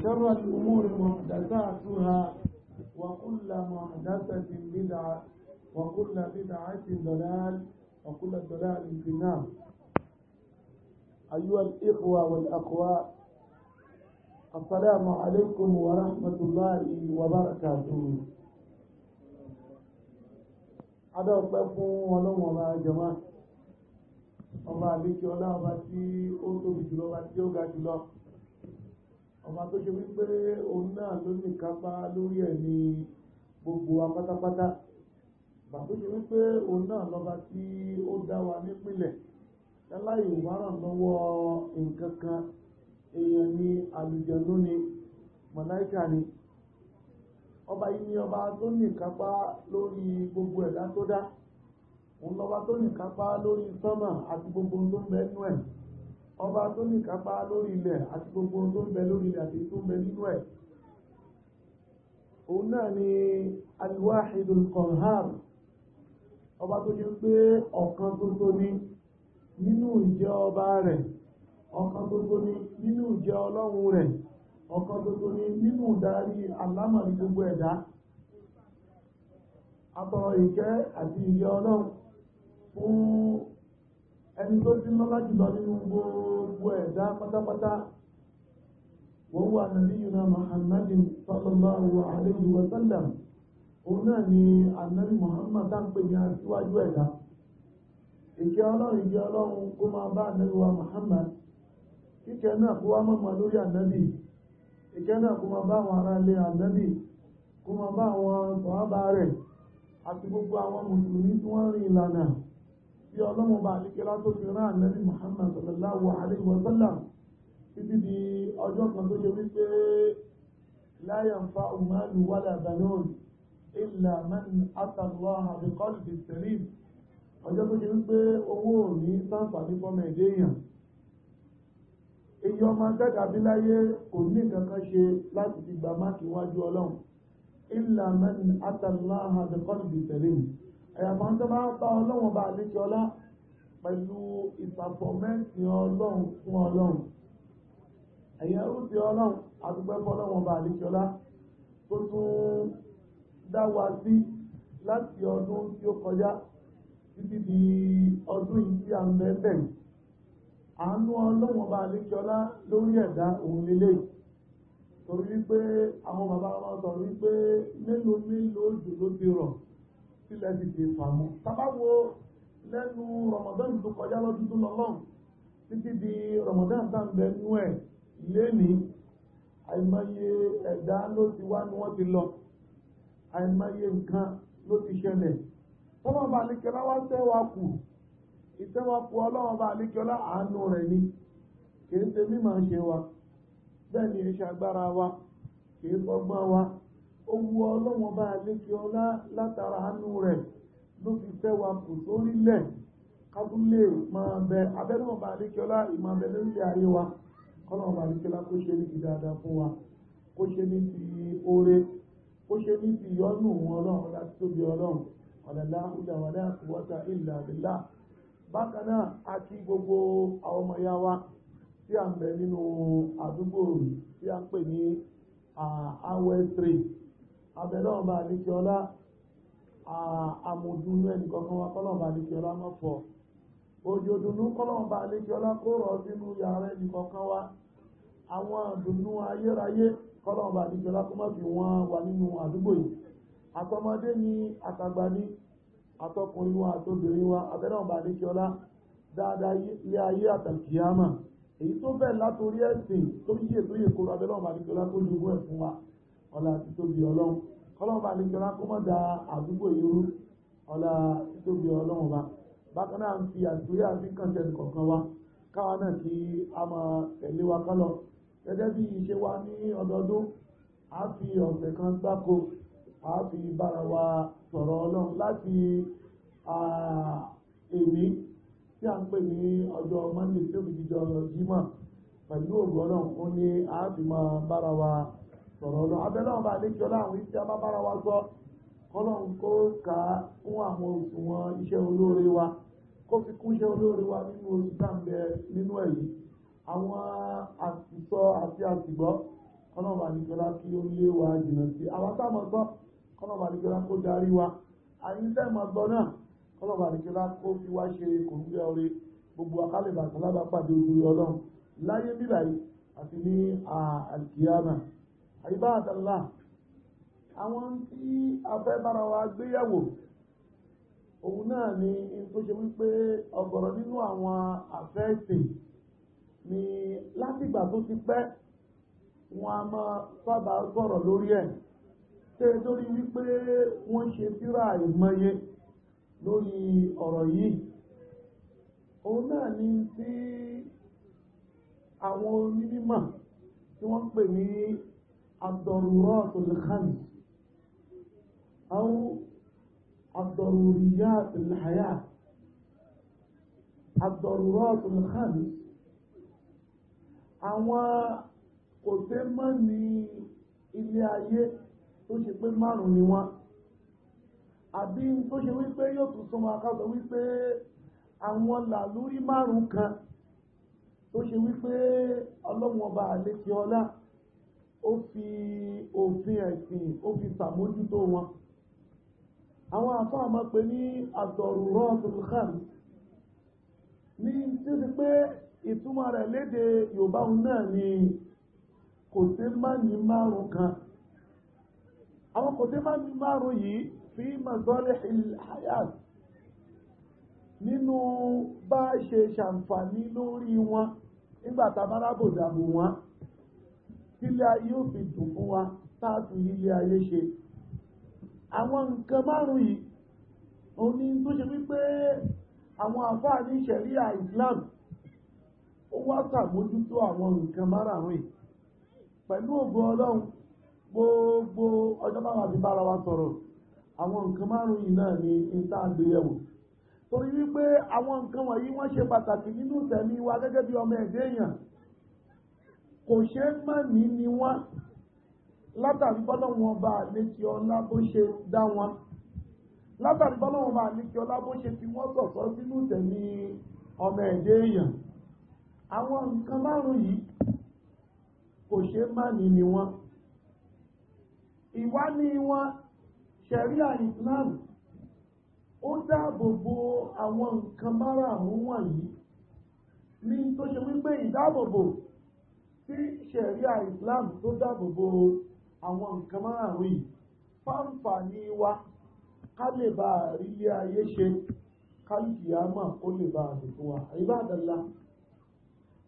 وشر الأمور محدثاتها وكل محدثة بدعة وكل بدعة ضلال وكل ضلال في النار أيها الإخوة والأخوات السلام عليكم ورحمة الله وبركاته ada ọpẹ́ fún ọlọ́run ọba jọmọ ọba àbíkí ọlá ọba tí ó tóbi jùlọ ọba tí ó ga jùlọ ọba tó ṣe wípé òun náà ló ní kápá lórí ẹ̀ ní gbogbo wa pátápátá bàbá tó ṣe wípé òun náà lọ́ba tí ó dá wa nípìnlẹ̀ láláì ìwárán lọ́wọ́ nǹkan kan èèyàn ni àlùjànnú ni màláíkà ni ọba yìí ni ọba tó ní kápá lórí gbogbo ẹ̀dá tó dá òun lọ́ba tó ní kápá lórí sánmà àti gbogbo ohun tó ń bẹ́ẹ̀ nú ẹ̀ ọba tó ní kápá lórí ilẹ̀ àti gbogbo tó ń bẹ lórí ilẹ̀ àti tó ń bẹ nínú ẹ̀ òun náà ni alwahidul qahhar ọba tó jẹ́ pé ọ̀kan gbogbo ni nínú ìjẹ́ ọba rẹ̀ ọ̀kan gbogbo ni nínú ìjẹ́ ọlọ́run rẹ̀ ọ̀kan gbogbo ni nínú ìdarí alámọ̀rí gbogbo ẹ̀dá atọ̀rọ̀ ìkẹ́ àti ìyẹ́ ọlọ́run fún ẹni tó ti lọ́lá jùlọ nínú gbogbo ẹ̀dá pátápátá wọ́n wà nàbí yìnyínà muhammadin sallallahu alayhi wa sallam òun náà ni anabi muhammad tá ń pè ní aṣíwájú ẹ̀dá ìkẹ́ ọlọ́run ìjẹ́ ọlọ́run kó máa bá anabi wa muhammad kíkẹ́ náà kó wá mọ̀mọ́ lórí anabi ìkẹ́ náà kó máa bá àwọn ará ilé anabi kó máa bá àwọn sọ̀hábà rẹ̀ àti gbogbo àwọn mùsùlùmí tí wọ́n rìn ìlànà bí ọlọ́run bá àlékè látó fi rán ànábì Muhammad sallallahu alayhi wa sallam títí di ọjọ́ kan tó ṣe wípé la yanfa'u malun wala banun illa man ata Allaha bi qalbin salim ọjọ́ tó ṣe wípé owó ò ní sáǹfààní fọ́mọ ẹ̀dẹ́ èèyàn èyí ọmọ akẹ́kọ̀ọ́ láyé kò ní kankan ṣe láti ti gbà máàkì wájú ọlọ́run illa man ata Allaha bi qalbin ẹ̀mọ́ tó bá bá ọlọ́run bá àlejò ọlá pẹ̀lú ìsàpọ̀mẹ́sì ọlọ́run fún ọlọ́run ẹ̀yẹ ó ti ọlọ́run àdúgbẹ́ fọlọ́run bá àlejò ọlá tó tún dá wa sí láti ọdún tí ó kọjá títí di ọdún yìí tí a ń bẹ́ẹ̀ bẹ̀rù àánú ọlọ́run bá àlejò ọlá lórí ẹ̀dá òun lélẹ́yìí torí wípé àwọn bàbá wa sọ wípé mélòó mélòó jù ló ti rọ̀ ilẹ̀ ti fi fàmú tabawo lẹ́nu Ramadan tó kọjá lọ́dún tó lọ́lọ́run títí di Ramadan tá ń bẹ nú ẹ̀ lénìí àìmọye ẹ̀dá ló ti wá ni wọ́n ti lọ àìmọye nǹkan ló ti ṣẹlẹ̀ tọ́lọ́ bá àlékẹ́lá wá tẹ́wà kù ìtẹ́wà kù ọlọ́wọ́ bá àlékẹ́lá àánú rẹ̀ ni kì í ṣe mímọ̀ ṣe wa bẹ́ẹ̀ ni iṣẹ́ agbára wa kì í fọgbọ́n wa owó ọlọ́wọ́n bá lékè ọlá látara hannú rẹ̀ ló fi fẹ́ wa kò sórílẹ̀ kábúlé máa bẹ abẹ́lọ́wọ́n bá ayé wa kọ́lọ́wọ́n bá ọlá kó ṣe ní fún wa kó ṣe oore kó ṣe ọlọ́run láti tóbi ọlọ́run ìlà bákan náà gbogbo àwọn wa tí ń bẹ nínú àdúgbò tí abẹ́lẹ́ ọba àdíkẹ́ ọlá àmójúnú ẹnìkọ̀ọ̀kan wa kọ́lọ̀ọ̀bà àdíkẹ́ ọlá mọ́fọ́ òjò dùnú kọ́lọ̀ọ̀bà àdíkẹ́ ọlá kó rọ̀ sínú yàrá ẹnìkọ̀ọ̀kan wa àwọn dùnú ayérayé kọ́lọ̀ọ̀bà àdíkẹ́ ọlá kó má fi wọ́n wà nínú àdúgbò yìí àtọmọdé ni àtàgbà ni àtọkùnrin wa àtobìnrin wa abẹ́lẹ́ ọba àdíkẹ́ ọlá dáadáa ilé ayé àtàkìyàmà èyí tó bẹ̀ látorí ẹ̀sìn tó yíyè tó yè kóró abẹ́lẹ́ ọba àdíkẹ́ ọlá kó jogún ẹ̀ fún wa ọlá títóbi ọlọ́run kọ́lọ́run bá lè jọra kó mọ́ da àdúgbò irú ọlá títóbi ọlọ́run wa bákan náà ń fi àtúnyà sí kàntẹ́ẹ̀tì kọ̀ọ̀kan wa káwa náà kí a máa tẹ̀lé wa kọ́lọ̀ gẹ́gẹ́ bí ìṣe wa ní ọdọọdún a fi ọ̀sẹ̀ kan gbáko a fi bára wa sọ̀rọ̀ ọlọ́run láti èmi tí a ń pè ní ọjọ́ monday tí ó fi jíjọ jímọ̀ pẹ̀lú ògbọ́nà ó ní a fi máa bára wa sọ̀rọ̀ sọ̀rọ̀ lọ abẹ́lẹ́wọ̀n bá àlejò láwọn iṣẹ́ abábára wa gbọ́ kọ́lọ́hún kó kà á fún àwọn òṣùwọ̀n iṣẹ́ olóore wa kó fi kún iṣẹ́ olóore wa nínú oṣù dáńbẹ nínú ẹ̀yìn àwọn àtìsọ àti àtìgbọ́ kọ́lọ́hún bá àlejò lá kí ó lé wa jìnnà sí àwọn táwọn gbọ́ kọ́lọ́hún bá àlejò lá kó darí wa àyíṣẹ́ mọ̀ gbọ́ náà kọ́lọ́hún bá àlejò lá kó fi wá ṣe kò ń gbẹ́ ọrẹ gbogbo akálẹ̀ bàtà lábàpàdé ojú ọlọ́run láyé bíbáyìí àti ní àkíyàmà àyíbáàdàlá àwọn tí a fẹ́ bára wa gbéyàwó òun náà ni tó ṣe wípé ọ̀gọ̀rọ̀ nínú àwọn àfẹ́ẹ̀sìn ni látìgbà tó ti pẹ́ wọn a máa sábà sọ̀rọ̀ lórí ẹ̀ ṣe lórí wípé wọ́n ṣe síra ìmọye lórí ọ̀rọ̀ yìí òun náà ni tí àwọn onímọ̀ tí wọ́n pè ní الضرورات الخمس أو الضروريات الحياة الضرورات الخمس أو kò tẹ́ mọ́ ní ilé ayé tó ṣe pé márùn-ún ni wọ́n àbí tó ṣe wípé yóò tún sọmọ akásọ wípé àwọn làlúrí márùn kan tó ṣe wípé ọlọ́run ọba àlékè ọlá ó fi òfin ẹ̀sìn ó fi sàmójútó wọn àwọn àfáà máa pè ní ad-daruratul khams ní tí ó ti pé ìtumọ̀ rẹ̀ léde Yorùbá náà ni kò tẹ́ má ní márùn kan àwọn kò tẹ́ má ní márùn yìí fi masalihil hayat nínú bá ṣe ṣàǹfààní lórí wọn nígbàtà bárábòdàbò wọn sílé ayé ó fi fún wa táàtù ilé ayé ṣe àwọn nǹkan márùn yìí òun ni tó ṣe wípé àwọn àfáà ní ṣẹ̀ríà Islam ó wá sàmójútó àwọn nǹkan márùn yìí pẹ̀lú Ọlọ́run gbogbo ọjọ́ bá fi bára wa sọ̀rọ̀ àwọn nǹkan márùn yìí náà ni torí wípé àwọn nǹkan wọ̀nyí wọ́n ṣe pàtàkì nínú wa gẹ́gẹ́ bí ọmọ ẹ̀dẹ́ èèyàn kò ṣe é má ní ni wọ́n látàrí bọ́lọ̀ wọn bá àlékí ọlá bó ṣe dá wọn látàrí bọ́lọ̀ wọn bá àlékí ọlá bó ṣe fi wọ́n sọ̀sọ́ sínú tẹ̀mí ọmọ ẹ̀dẹ́ èèyàn àwọn nǹkan márùn-ún yìí kò ṣe é má ní ni wọ́n ìwá ní wọn ṣẹ̀ríà ìsìláàmù ó dáàbò bo àwọn nǹkan márùn-ún wọ̀nyí ní tó ṣe wípé ìdáàbòbò tí ṣẹ̀ríà Islam tó dáàbò bo àwọn nǹkan márùn-ún yìí fáǹfà ní wa ká lè bá àrílé ayé ṣe kálíkìyàmà kó lè bá àdìfún wa àyíbádàlá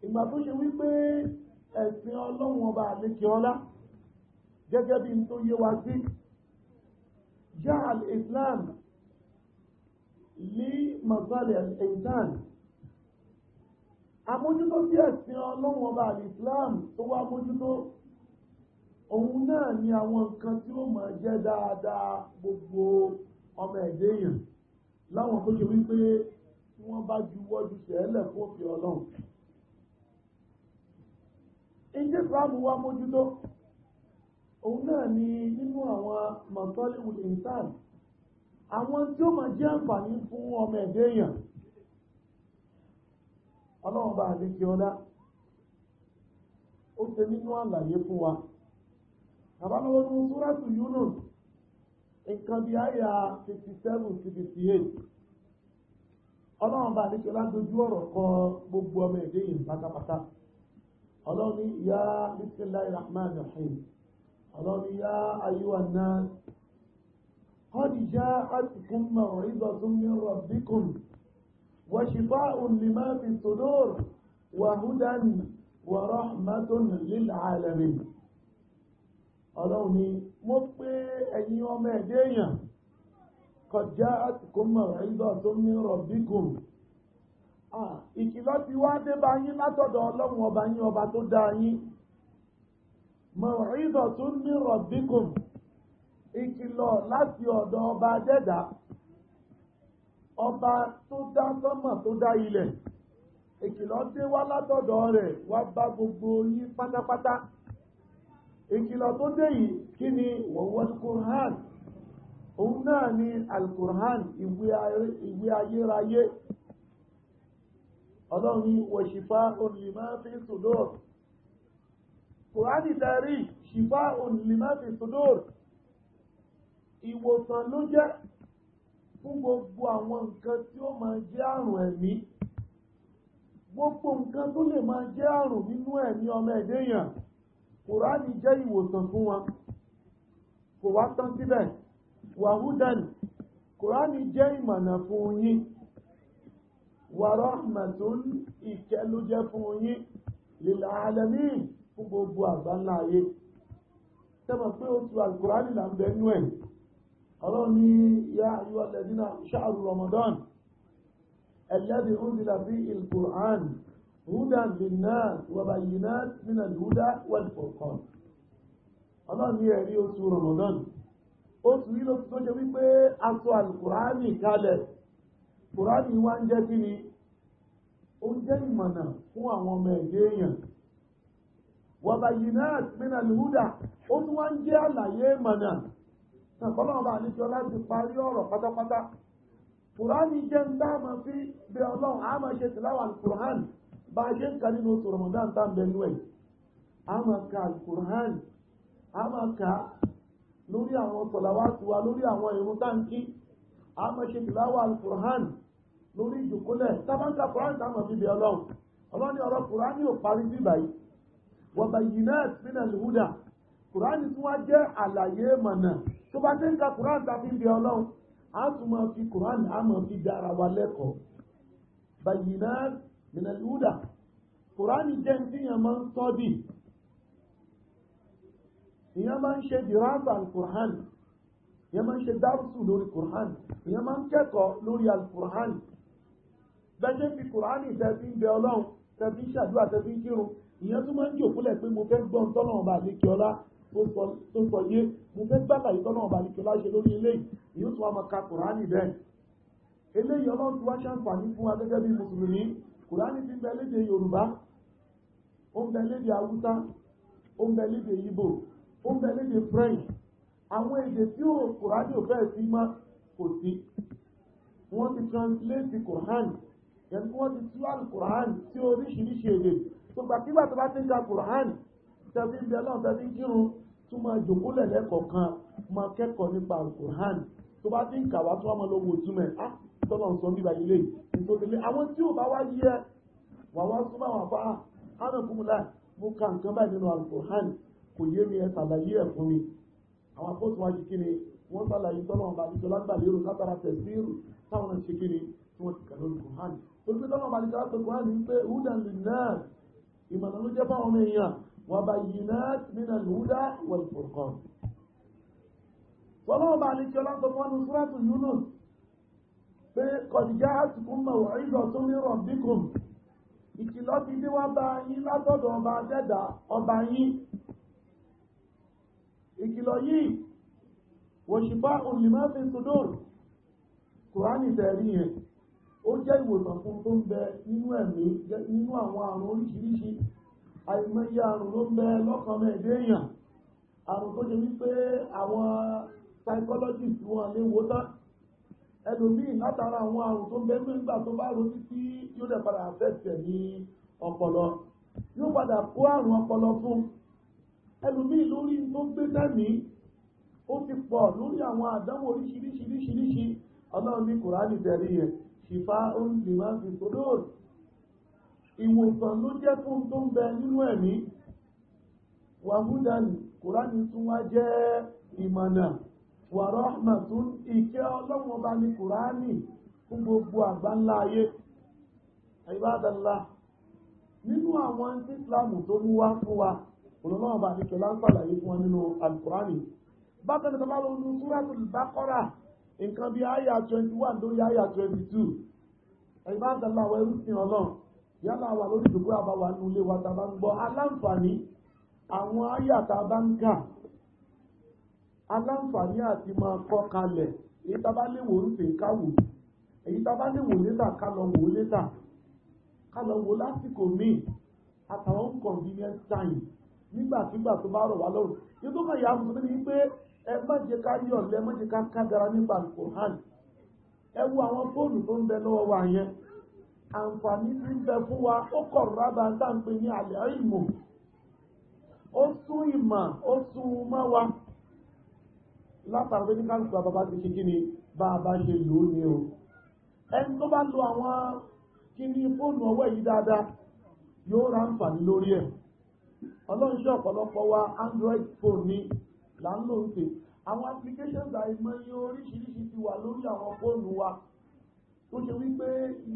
ìgbà tó ṣe wípé ẹ̀sìn ọlọ́run ọba àlékè ọlá gẹ́gẹ́ bí tó yé wa sí jahal Islam li masalih al àmójútó sí ẹ̀sìn ọlọ́run ọba àlìsíláàmù tó wá mójútó òun náà ni àwọn nǹkan tí ó máa jẹ́ dáadáa gbogbo ọmọ ẹ̀dẹ́ èèyàn láwọn tó ṣe wípé tí wọ́n bá ju wọ́jú sẹ́ẹ̀lẹ̀ fún òfin ọlọ́run ìjẹ́ ìsìláàmù wá mójútó òun náà ni nínú àwọn mọ̀tọ́lẹ́wù ìntàn àwọn tí ó máa jẹ́ àǹfààní fún ọmọ ẹ̀dẹ́ èèyàn ọlọ́run bá àlejò ọlá ó ṣe nínú àlàyé fún wa àbálọ́wọ́ ní súrátù Yunus nǹkan bí àyà fifty seven sí fifty eight ọlọ́run bá àlejò ọlá dojú ọ̀rọ̀ kan gbogbo ọmọ èdè yìí pátápátá ọlọ́run ní ya bisimilahi rahman rahim ọlọ́run ní ya náà qad ja'atkum maw'izatun min وشفاء لما في الصدور وهدى ورحمة للعالمين ọlọ́run ni mo pé ẹ̀yin ọmọ ẹ̀dẹ́ èèyàn kọjá àtìkọ́mọ̀ ẹ̀dọ́ tó ń rọ̀ bíkùn ìkìlọ̀ ti wá dé bá yín látọ̀dọ̀ ọlọ́run ọba yín ọba tó dá yín mọ̀ ẹ̀dọ́ tó ń rọ̀ bíkùn ìkìlọ̀ láti ọ̀dọ̀ ọba dẹ́dàá ọba tó dá sánmà tó dá ilẹ̀ ìkìlọ̀ dé wá látọ̀dọ̀ rẹ̀ wá bá gbogbo yín pátápátá ìkìlọ̀ tó dé yìí kí ni wọ̀wọ́ kùrán òun náà ni alkùrán ìwé ayérayé ọlọ́run wọ̀ṣìfá olùmọ́ fi sùdóòr kùrán ìdarí ṣìfá olùmọ́ fi sùdóòr ìwòsàn ló jẹ́ fún gbogbo àwọn nǹkan tí ó máa jẹ́ àrùn ẹ̀mí gbogbo nǹkan tó lè máa jẹ́ àrùn nínú ẹ̀mí ọmọ ẹ̀dẹ́yàn kùránì jẹ́ ìwòsàn fún wọn kò wá tán síbẹ̀ wàhúdàn kùránì jẹ́ ìmọ̀nà fún yín wàrọ́hmàtún ìkẹ́ ló jẹ́ fún yín lil alamin fún gbogbo àgbáńlá ayé tẹ́mọ̀ pé ó tu àlùkùránì là ń bẹ́ẹ̀ nú ẹ̀ ọlọ́run ní yá ayúwà lẹ́dínà ṣáàrù Ramadan alladhi unzila fihi al-Qur'an hudan lin-nas wa bayyinat min al-huda wal-furqan ọlọ́run ní ẹ̀rí oṣù Ramadan oṣù yìí ló ti tó jẹ wípé aṣọ al-Qur'ani kalẹ̀ Qur'ani wá ń jẹ́ kí ni ó ń jẹ́ ìmọ̀nà fún àwọn ọmọ ẹ̀yẹ èèyàn wa bayyinat min al ó tún wá ń jẹ́ àlàyé ìmọ̀nà ọ̀pọ̀lọ́wọ́ bá níjọ láti parí ọ̀rọ̀ pátápátá kùránì jẹ́ ń dá máa fi bí ọlọ́run a máa ṣe tìláwà kùrán bá ṣe ń ka nínú oṣù ramadan tá ń bẹ nú ẹ̀ a máa ka kùrán a máa ka lórí àwọn tọ̀làwá tiwa lórí àwọn ìrun táǹkì a máa ṣe tìláwà kùrán lórí ìjòkólẹ̀ tábàǹkà kùrán tá máa fi bí ọlọ́run ọlọ́ni ọ̀rọ̀ kùrán ní parí bíbáyìí wọ̀bàyìí náà kùránì tí wọ́n jẹ́ àlàyé mọ̀nà tó bá ti ń ka kùránì tàbí ibi ọlọ́run a tún máa fi kùránì a máa fi dára wa lẹ́kọ̀ọ́ bàyìnà mìnàlúdà kùránì jẹ́ ní tíyàn máa ń tọ́dì ìyẹn máa ń ṣe dìrásà kùránì ìyẹn máa ń ṣe dárùsù lórí kùránì ìyẹn máa ń kẹ́kọ̀ọ́ lórí alkùránì bẹ́ẹ̀ fi kùránì tẹ́bí ń bẹ ọlọ́run tẹ́bí ṣàdúrà tẹ́bí kírun ìyẹn tún máa ń jòkúlẹ̀ pé mo fẹ́ gbọ́n tọ́lọ́run bá lékè ọlá tó sọ yé mo fẹ́ gbàgbà ìtọ́nà ọba nìkan láṣẹ lórí eléyìí yóò tún wá máa ka kùránì bẹ́ẹ̀ eléyìí ọlọ́run ti wá ṣàǹfààní fún wa gẹ́gẹ́ bí mùsùlùmí kùránì ti ń bẹ lédè yorùbá ó ń bẹ lédè haúsá ó ń bẹ lédè Ìgbò ó ń bẹ lédè french àwọn èdè tí ó kùránì ò fẹ́ẹ̀ sí mọ́ kò sí wọ́n ti translate kùrán yẹn wọ́n ti túwàl kùrán tí oríṣiríṣi èdè gbogbo àkígbà tó bá ti ń ka kùrán tẹ̀sí ń kírun tó máa jòkólẹ̀ lẹ́kọ̀ọ̀kan máa kẹ́kọ̀ọ́ nípa alukur'an tó bá ti ń kà wá tó wá máa lọ wo túmẹ̀ á ah, tọ́lọ̀ ń sọ bíbá ilé ìtòkèlé àwọn tí ò bá wá yí ẹ wà wá súnmọ́ àwọn afá hánà kúmùlá mo ka nǹkan báyìí nínú alukur'an kò yé mi ẹ ṣàlàyé ẹ fún mi àwọn afọ́tò wá di kíni wọ́n ṣàlàyé tọ́lọ̀ ọba àdìjọ lágbàlérò látara tẹ̀síìrù táwọn náà وبينات من الهدى والفرقان فالله بعد الكلام طبعا سورة يونس قد جاءتكم موعظة من ربكم ìkìlọ̀ ti dé wá bá yín látọ̀dọ̀ ọba dẹ́dà ọba yín ìkìlọ̀ yìí wòṣìbá olùmọ́fin sodor kùránì tẹ̀rí yẹn ó jẹ́ ìwòsàn fún tó ń bẹ nínú ẹ̀mí nínú àwọn àrùn oríṣiríṣi àìmọye àrùn ló ń bẹ lọ́kàn ọmọ èèyàn àrùn tó jẹ wípé àwọn psychologist wọn lè wò tán ẹlòmíì látara àwọn àrùn tó ń bẹ nígbà tó bá ronú tí yóò padà fẹsẹ̀ ọpọlọ yóò padà kó àrùn ọpọlọ fún ẹlòmíì lórí tó gbé ó ti pọ̀ lórí àwọn àdánwò oríṣiríṣiríṣiríṣi ọlọ́run ní kùránì tẹ̀lé ìwòsàn ló jẹ́ fún tó ń bẹ nínú ẹ̀mí wàhúdàní kùránì tún wá jẹ́ ìmọ̀nà wàrọ́hàmà tún ìkẹ́ ọlọ́run ọba ní kùránì fún gbogbo àgbáńlá ayé àìbádàlá nínú àwọn tí islamu tó mú wá fún wa olùlọ́wọ́ bá ní kẹlá ń pàlàyé fún wa nínú alkùránì bákan tó bá lọ ní súratul bákọ́rà nǹkan bí àyà 21 lórí àyà 22 àìbádàlá wẹ́rú sí ọlọ́run yálà wà lórí ìdòkó àbáwá nínú ilé wa tàbá ń gbọ́ aláǹfààní àwọn àyà tàbá ń kà aláǹfààní àti máa kọ́ kalẹ̀ èyí tàbá lè wò ń tè káwò èyí tàbá lè wò létà ká lọ wò létà ká lọ wò lásìkò míì àtàwọn convenient time tó bá rọ̀ wá lọ́rùn yóò tó kàn yà á fún mi pé ẹ má jẹ ká yọ̀ má jẹ ká àǹfààní tí ń bẹ fún wa ó kọ̀ rábà sáǹpé ní àlẹ́ ìmọ̀ ó sún ìmọ̀ ó sún mọ́ wa látàrí pé ní káàkiri àbábá ti ṣe kí ni bá a bá ṣe lò ó ni o ẹni tó bá lo àwọn kí ni fóònù ọwọ́ yìí dáadáa yóò ra àǹfààní lórí ẹ̀ ọlọ́run ọ̀pọ̀lọpọ̀ wa android phone ni là ń lò ń tè àwọn applications àìmọye oríṣiríṣi ti wà lórí àwọn fóònù wa tó ṣe wípé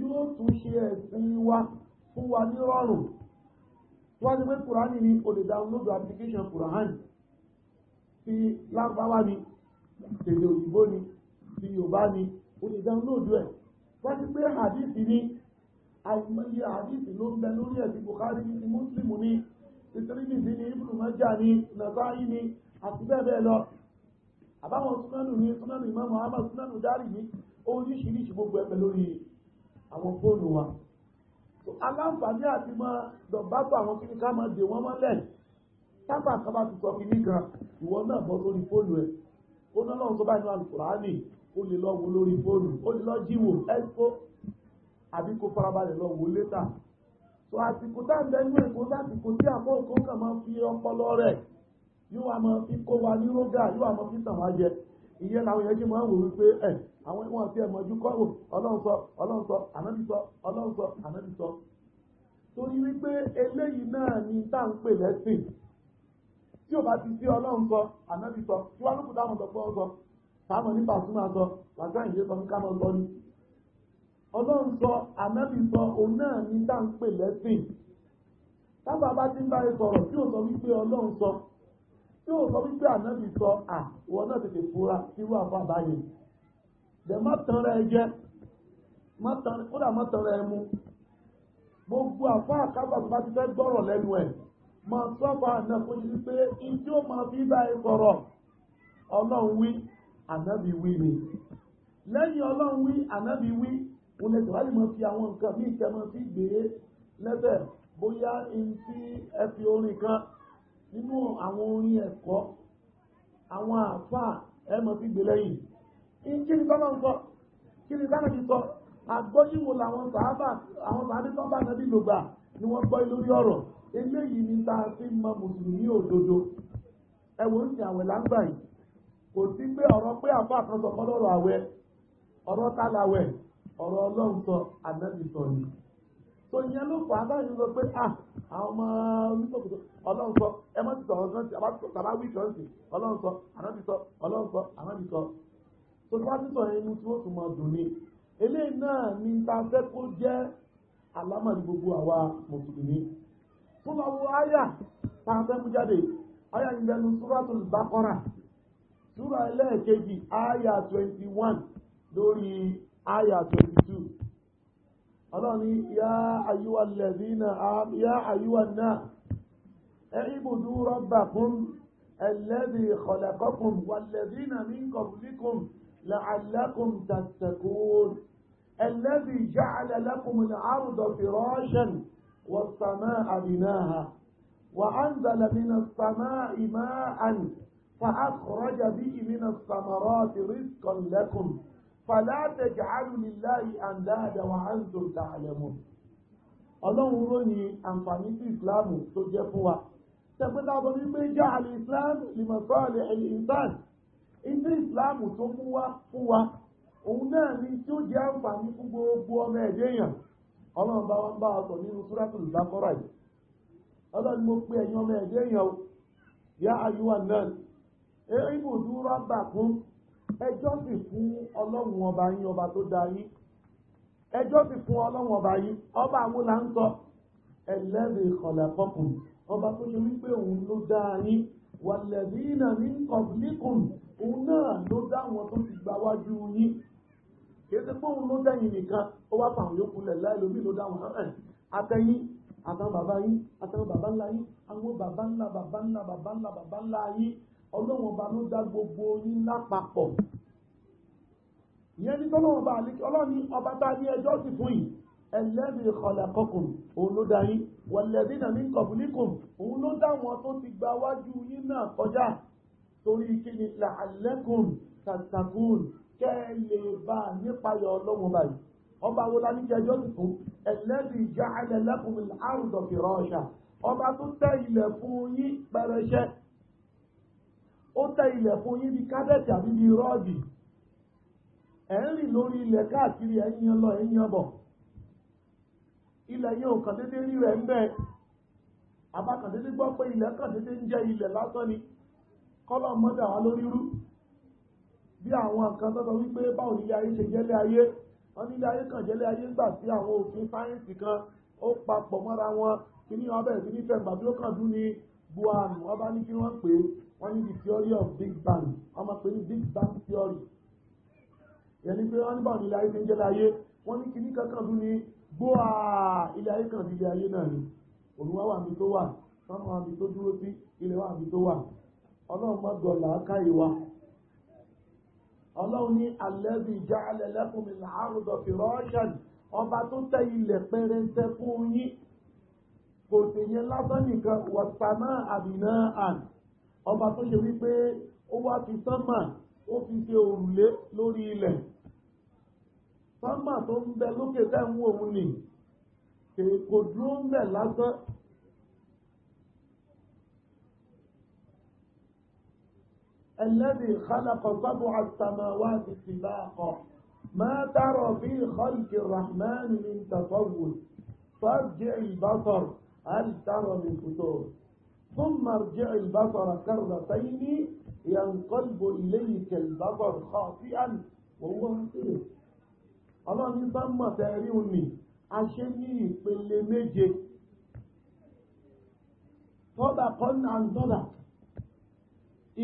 yóò tún ṣe ẹ̀sìn wa fún wa ní rọrùn tó wá ní pé kùránì ni o lè download application kùránì ti lárúbáwá ni tèdè òyìnbó ni ti yorùbá ni o lè download ẹ̀ wá sí pé hadith ni àìmọye hadith ló ń bẹ lórí ẹ̀sìn Bukhari ni ti Muslim ni ti Tirmidhi ni Ibn Majah ni Nasa'i ni àti bẹ́ẹ̀ bẹ́ẹ̀ lọ àbáwọn súnánù ni súnánù Imam Ahmad súnánù dárì ni oríṣiríṣi gbogbo ẹ̀pẹ̀ lórí àwọn fóònù wa aláǹfààní àti máa dọ̀bátọ̀ àwọn kíní ká máa dè wọ́n mọ́lẹ̀ tábà kan bá ti sọ kíní kan ìwọ náà bọ́ sórí fóònù ẹ̀ ó ná lọ́run tó bá inú alùpùránì ó lè lọ wo lórí fóònù ó lè lọ jíwò ẹ́sìkò àbí kó farabalẹ̀ lọ wo létà tó àsìkò dáńdẹ́ inú èkó lásìkò tí àkókò kan máa fi ọpọlọ rẹ̀ yóò wá máa fi kó wa ní rógà yóò wá máa fi tàn wá jẹ ìyẹn làwọn yẹn ṣe máa ń wò wípé ẹ̀ àwọn ìwọ̀n tí ẹ mọ̀jú kọ́ ọlọ́run sọ ọlọ́run sọ ànábì sọ ọlọ́run sọ ànábì sọ torí wípé eléyìí náà ni tá à ń pè lẹ́sìn tí ò bá ti sí ọlọ́run sọ ànábì sọ tí wọ́n lókùn táwọn sọ pé wọ́n sọ táwọn nípa súnmọ́ sọ làjọ ìyé sọ ní kámọ́ sọ ni ọlọ́run sọ ànábì sọ òun náà ni tá à ń pè lẹ́sìn tábà bá ti ń bá ẹ sọ̀rọ̀ tí ò sọ wípé ọlọ́run dẹ̀ má tàn rẹ̀ jẹ kódà má tàn rẹ̀ mu gbogbo àfa àkábà tó bá ti fẹ́ gbọ́rọ̀ lẹ́nu ẹ̀ máa sọ́ba àná kó ti pé ijó máa fi bá ẹ sọ̀rọ̀ ọlọ́run wí ànábì wí ni lẹ́yìn ọlọ́run wí ànábì wí wọn lè tẹ̀wá lè máa fi àwọn nǹkan míì tẹ́ máa fi gbé e lẹ́bẹ̀ bóyá n tí ẹ fi orin kan nínú àwọn orin ẹ̀kọ́ àwọn àfa ẹ máa fi gbé lẹ́yìn. kíni kọ́nà ń sọ kíni kọ́nà ti sọ àgbọ́yìnwó làwọn sàábà àwọn sàábà tó bá nàbí lògbà ni wọ́n gbọ́ lórí ọ̀rọ̀ eléyìí ni tá a fi mọ mùsùlùmí òdodo ẹ àwẹ̀ yìí kò sí pé ọ̀rọ̀ pé àwẹ̀ ọ̀rọ̀ tá làwẹ̀ ọ̀rọ̀ ọlọ́run sọ ànábì sọ ni tó yẹn ló fà á báyìí sọ pé à àwọn ọmọ ọlọ́run sọ ẹ ti sọ ọ̀rọ̀ tó bá títọ̀ ẹni tí ó tún máa dùn ní eléyìí náà ní ta fẹ́ kó jẹ́ alámọ̀rí gbogbo àwa mùsùlùmí tó bá wo áyà ta fẹ́ mú jáde áyà yìí lẹ́nu Suratul Baqara súra ẹlẹ́ẹ̀kejì áyà 21 lórí áyà 22 ọlọ́run ní yá àyíwá lẹ́dínà yá àyíwá náà ẹ̀yìnbùdú rabbakum alladhi khalaqakum walladhina min qablikum لعلكم تتقون الذي جعل لكم الارض فراشا والسماء بناها وأنزل من السماء ماء فأخرج به من الثمرات رزقا لكم فلا تجعلوا لله أندادا وأنتم تعلمون ọlọ́run ròyìn àǹfààní sí ìsìláàmù tó jẹ́ fún wa tẹ́gbẹ́ta bọ́ wípé jẹ́ àlè ìsìláàmù lè mọ̀ ẹ̀yìn ìdí ìsìláàmù tó mú wá fún wa òun náà ni tí ó jẹ́ àǹfààní fún gbogbo ọmọ ẹ̀dẹ́ èèyàn ọlọ́run bá wọn bá ọ̀tọ̀ nínú súrátù ìdákọ́rà yìí ọlọ́run mo pe ẹ̀yin ọmọ ẹ̀dẹ́ èèyàn o yá ayúwa náà eréńbù dúró bà fún ẹjọ́ sì fún ọlọ́run ọba yín ọba tó dá yín ẹjọ́ sì fún ọlọ́run ọba yín ọba àwọn là ń sọ ẹlẹ́rìí ìkọlẹ̀ kọkùn ọba tó ṣe wípé òun ló dá yín wàlẹ̀dí ìnà ní kọ̀ọ̀líkùn òun náà ló dá àwọn tó ti gba wájú yín kéde fóun ló dẹ́yìn nìkan ó wá fàwọn yòókù lẹ̀ láì lómi ló dá wọn hàn àtẹ̀yìn àtàwọn bàbá yín àtàwọn bàbá ńlá yín àwọn bàbá ńlá bàbá ńlá bàbá ńlá bàbá ńlá yín ọlọ́wọ́n ba ló dá gbogbo yín lápapọ̀ ìyẹn ní tọ́lọ́wọ́n bá àlékí ọlọ́ni ọba tá ní ẹjọ́ sì fún yìí ẹlẹ́bi khalaqakum òun ló dá yín walladhina min qablikum òun ló dá wọn tó ti gba wájú yín náà kọjá torí kíni làálẹ́kùn tàtàkùn kẹ́ lè bá a nípa yọ ọlọ́run báyìí ọba wo la ní jẹjọ́ nìkú ẹlẹ́bí ìjà alẹ́lẹ́kùn àrùdọ̀ fìrọ̀ ọ̀ṣà ọba tó tẹ ilẹ̀ fún yín pẹrẹsẹ ó tẹ ilẹ̀ fún yín bí kábẹ́ẹ̀tì àbí bí rọ́ọ̀dì ẹ̀ ń rìn lórí ilẹ̀ káàkiri ẹ̀yìn ọlọ ẹ̀yìn ilẹ̀ ò ni. kọ́lọ̀ mọ́dà wá lórí rú bí àwọn nǹkan tó sọ wípé báwo nílé ayé ṣe jẹ́lé ayé wọ́n nílé ayé kan jẹ́lé ayé gbà sí àwọn òfin sáyẹ́ǹsì kan ó papọ̀ mọ́ra wọn kí ní wọn sí ní fẹ́ gbàdúró kan dún ní buhari wọ́n bá ní kí wọ́n pè wọ́n ní the theory of big bang wọ́n máa pè ní big bang theory yẹni pé wọ́n ní báwo nílé ayé ṣe jẹ́lé ayé wọ́n ní kíní kankan dún ní gbóà ilé ayé kan nílé ayé náà ni òun wá wà mí tó wà sọ́mọ́ wà mí tó dúró sí ilé wà mí tó wà ọlọ́run má dọ̀là káyì wa ọlọ́run ní alẹ́bí ìjà alẹ́lẹ́kùnmi làárùdọ̀ fìrọ́ṣàn ọba tó tẹ ilẹ̀ pẹrẹsẹ fún yín kò sì yẹ lásán nìkan wọ̀sánà àbìnà àn ọba tó ṣe wípé ó wá fi sánmà ó fi ṣe òrùlé lórí ilẹ̀ sánmà tó ń bẹ lókè tẹ́ ń wò òun nì kò dúró ń bẹ lásán الذي خلق سبع السماوات سباقا ما ترى في خلق الرحمن من تفوت فارجع البصر هل ترى من فتور ثم ارجع البصر كرتين ينقلب إليك البصر خاطئا وهو خطير الله ní sánmà tẹ́rí عشان aṣẹ́ ní ìpele méje tọ́dà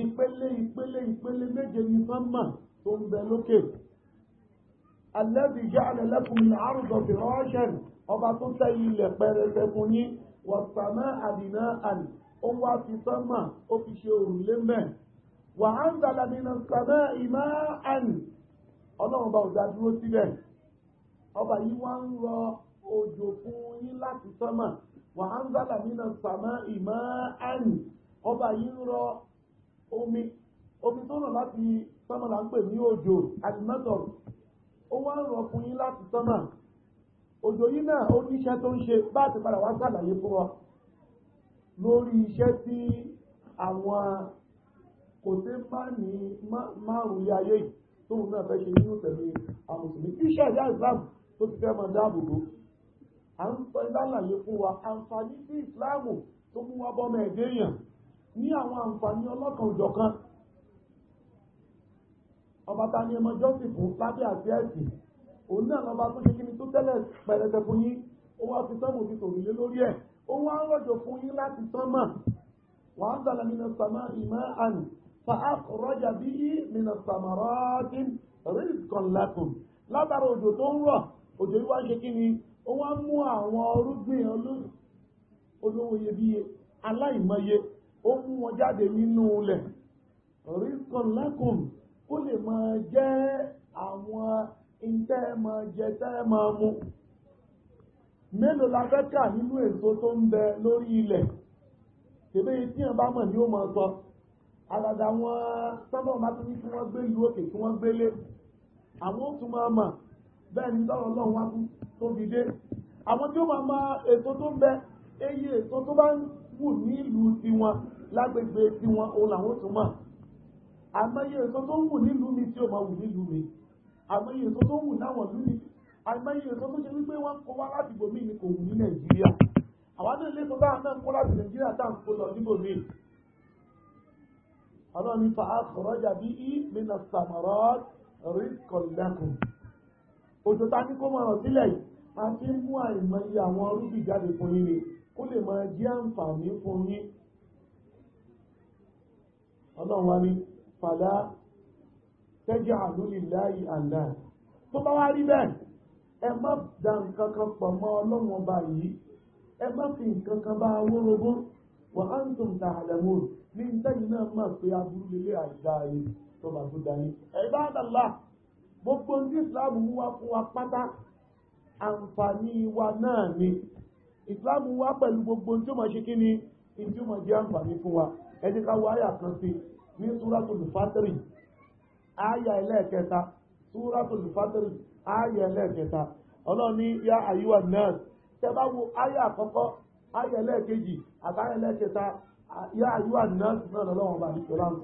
ìpele ìpele ìpele méje ní sánmà tó ń bẹ lókè alẹ́bí ja'ala lakum al-arda firashan ọba tó tẹ́ ilẹ̀ pẹrẹsẹ fún yín wọ̀sánmà àdínà àní ó wá fi sánmà ó fi ṣe òrùlé mẹ́ wa anzala minas sama'i ma'an ọlọ́run bá òdá dúró síbẹ̀ ọba yìí wá ń rọ òjò fún yín láti sánmà wa anzala minas sama'i ma'an ọba yìí ń rọ omi omi tó rọ̀ láti sánmà là ń pè ní òjò àtìmọ́tọ̀rù ó wá ń rọ̀ fún yín láti sánmà òjò yìí náà ó níṣẹ́ tó ń ṣe bá ti padà wá sàlàyé fún wa lórí iṣẹ́ tí àwọn kò sí má márùn ilé ayé tóun náà fẹ́ ṣe nínú tẹ̀lé àwọn mùsùlùmí kí ṣàyà Islam tó ti fẹ́ máa dáàbò bò à ń sọ ìlànà yìí fún wa àǹfààní sí Islam tó mú wá bọ́mọ ẹ̀dẹ́ yàn ní àwọn àǹfààní ọlọ́kan òjọ̀kan ọba ta ni ẹmọ jọ́sìn fún lábẹ́ àti ẹ̀sìn òun náà lọ́ba tó ṣe kíni tó tẹ́lẹ̀ pẹ̀lẹ́tẹ̀ fún yín ó wá fi sánmọ̀ fi tòrùn lé lórí ẹ̀ ó wá ń rọ̀jò fún yín láti sánmọ̀ wà á dàlà mí nàṣàmà ìmọ̀ àní fa àkọ̀rọ̀jà bí mí nàṣàmà rọ́ọ̀tì rìsìkọ̀n lakum látara òjò tó ń rọ̀ òjò yìí wá ṣe kíni ó wá mú àwọn ọrúgbìn olówó iyebíye aláìmọye ó mú wọn jáde nínú ilẹ̀ ríkan lákùn ó lè máa jẹ́ àwọn ìtẹ́ máa jẹ tẹ́ máa mu mélòó la fẹ́ kà nínú èso tó ń bẹ lórí ilẹ̀ tèmi tí wọn bá mọ̀ ni ó máa sọ àgàgà wọn sábà máa tún ní kí wọ́n gbé lu òkè kí wọ́n gbélé àwọn ó tún máa mọ̀ bẹ́ẹ̀ ni tọ́lọ́ ọlọ́run wá tó fi dé àwọn tí ó máa ma èso tó ń bẹ eye èso tó bá ń kù nílùú tiwọn lágbègbè tiwọn òun làwọn tó mọ̀ àmọye èso tó wù nílùú mi tí ó máa wù nílùú mi àmọye èso tó wù náwọn ìlú mi àmọye èso tó ṣe wípé wọn kó wá láti ibòmí ni kò wù ní nàìjíríà àwọn náà lè sọ bá àmọ́ kó láti nàìjíríà tá à ń kó lọ níbòmí ọlọ́run ní fa àkọ́rọ́jà bí i mina samarọ́ rìkọ̀lẹ́kùn òjò ta ní kó mọ̀ràn sílẹ̀ yìí a ti ń mú àìmọye àwọn rúbì jáde fún yín ni kó lè máa jẹ́ àǹfààní fún yín ọlọ́run wa ní fàlá tẹ́jọ́ àlúlìláyì àndà tó bá wá rí bẹ́ẹ̀ ẹ má da nǹkan kan pọ̀ mọ́ ọlọ́run ọba yìí ẹ má fi nǹkan kan bá wórogún wà á ń tún ta àlẹ́mú ní tẹ́yìn náà mọ̀ pé aburú lélẹ̀ àìdá yìí tó bá tó dání ẹ̀bá àdàlá gbogbo ní Islam wá fún wa pátá àǹfààní wa náà ni. ìsìláàmù wá pẹ̀lú gbogbo tí ó máa ṣe kí ni tí ó máa jẹ́ fún wa ẹ ká wo àyà kan sí ní súrátùlù fátírì àyà ẹlẹ́ẹ̀kẹta súrátùlù fátírì àyà ẹlẹ́ẹ̀kẹta ọlọ́run yá àyíwá tẹ bá wo àyà àkọ́kọ́ àyà ẹlẹ́ẹ̀kejì àtàyà ẹlẹ́ẹ̀kẹta yá àyíwá náà náà lọ́wọ́ bá nìkọ́lá ń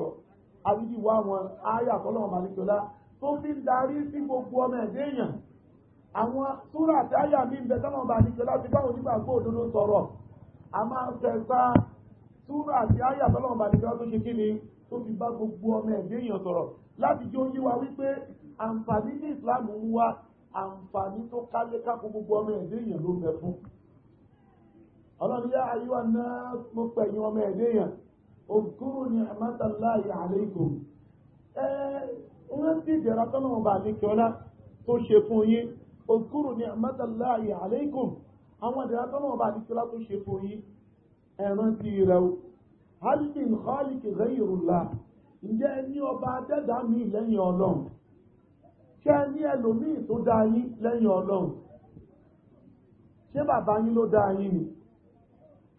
àbíjì wá wọn àyà àkọ́lọ́wọ́ bá nìkọ́lá tó fi darí gbogbo ọmọ àwọn súrà àti àyà mi bẹ tọ́nà ọba láti báwọn onígbàgbọ́ òdodo sọ̀rọ̀ a máa tẹ̀sà súrà àti àyà tó ṣe kí ni fi bá gbogbo ọmọ ẹ̀dẹ́ èèyàn sọ̀rọ̀ láti jẹ́ wa wípé àǹfààní ní ń wá àǹfààní tó kálé gbogbo ọmọ ẹ̀dẹ́ èèyàn ló fún. ọlọ́run yá ọmọ ẹ̀dẹ́ èèyàn òkúrò ní òkúrò ní àmọ́tàláàyè àlékùn àwọn ìdíra tọ́nà ọba àti kílá tó ṣe fún yí ẹ̀rán ti rẹ̀ o halkin khaliqi ghayrullah ǹjẹ́ ní ọba dẹ́dà mí lẹ́yìn ọlọ́run ṣé ní ẹlòmíì tó dá yín lẹ́yìn ọlọ́run ṣé bàbá yín ló dá yín ni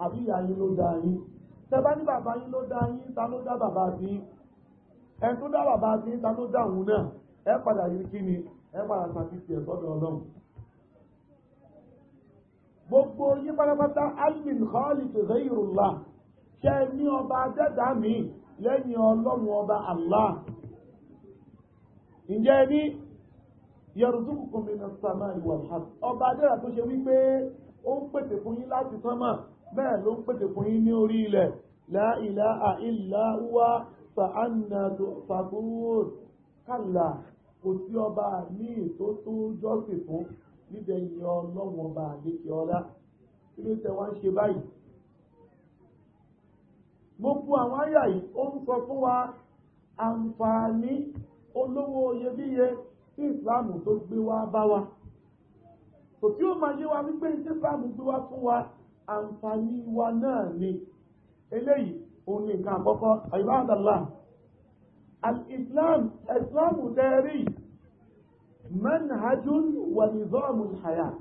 àbí ìyá yín ló dá yín tẹ́bá ní bàbá yín ló dá yín ta ló dá bàbá sí ẹ̀ tó dá bàbá sí ta ló dá òun náà ẹ padà yìí kí ni ẹ máa ṣàfihàn ẹ̀sọ́dọ̀ ọlọ́run gbogbo yí pátápátá almin khaliq ghayrullah ṣe ní ọba dẹ́dà mi lẹ́yìn ọlọ́run ọba Allah ǹjẹ́ ní yarzuqukum minas samai wal ard ọba dẹ́dà tó ṣe wípé ó ń pètè fún yín láti sánmà bẹ́ẹ̀ ló ń pètè fún yín ní orí ilẹ̀ la ilaha illa huwa fa anna kò sí ọba ní ètò tó jọ́sìn fún níbẹ̀ yẹn ọlọ́run ọba àlékè ọlá kí ló tẹ wá ṣe báyìí. gbogbo àwọn àyà yìí ó ń sọ fún wa àǹfààní olówó iyebíye tí ìsìláàmù tó gbé wá bá wa kò tí ó máa yé wa wípé tí ìsìláàmù gbé wá fún wa àǹfààní wa náà ni eléyìí òun ni nǹkan àkọ́kọ́ àyíbá àdàlà الإسلام إسلام داري منهج ونظام الحياة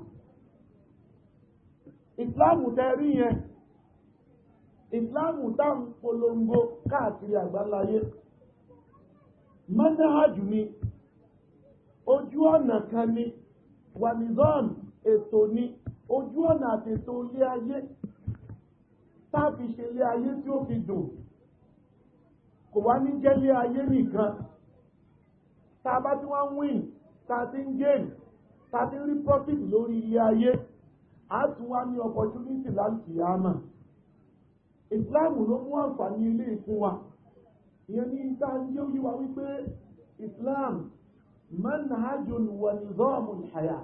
إسلام داري ìsìláàmù tá à ń polongo káàkiri àgbáláyé mọ́náhàjù ni ojú ọ̀nà kan ni wanizọ́n ètò ni ojú ọ̀nà àtètò ilé ayé tá a fi ṣe ilé ayé tí ó fi dùn kò wá ní jẹ́lé ayé nìkan tá a bá ti wá ń win tá a ti ń gain tá a ti ń rí profit lórí ilé ayé a tún wá ní opportunity láti yàmà Islam ló mú àǹfààní ilé ìfún wa ìyẹn ní ìta ń wa wípé Islam manhajun wa nizamul haya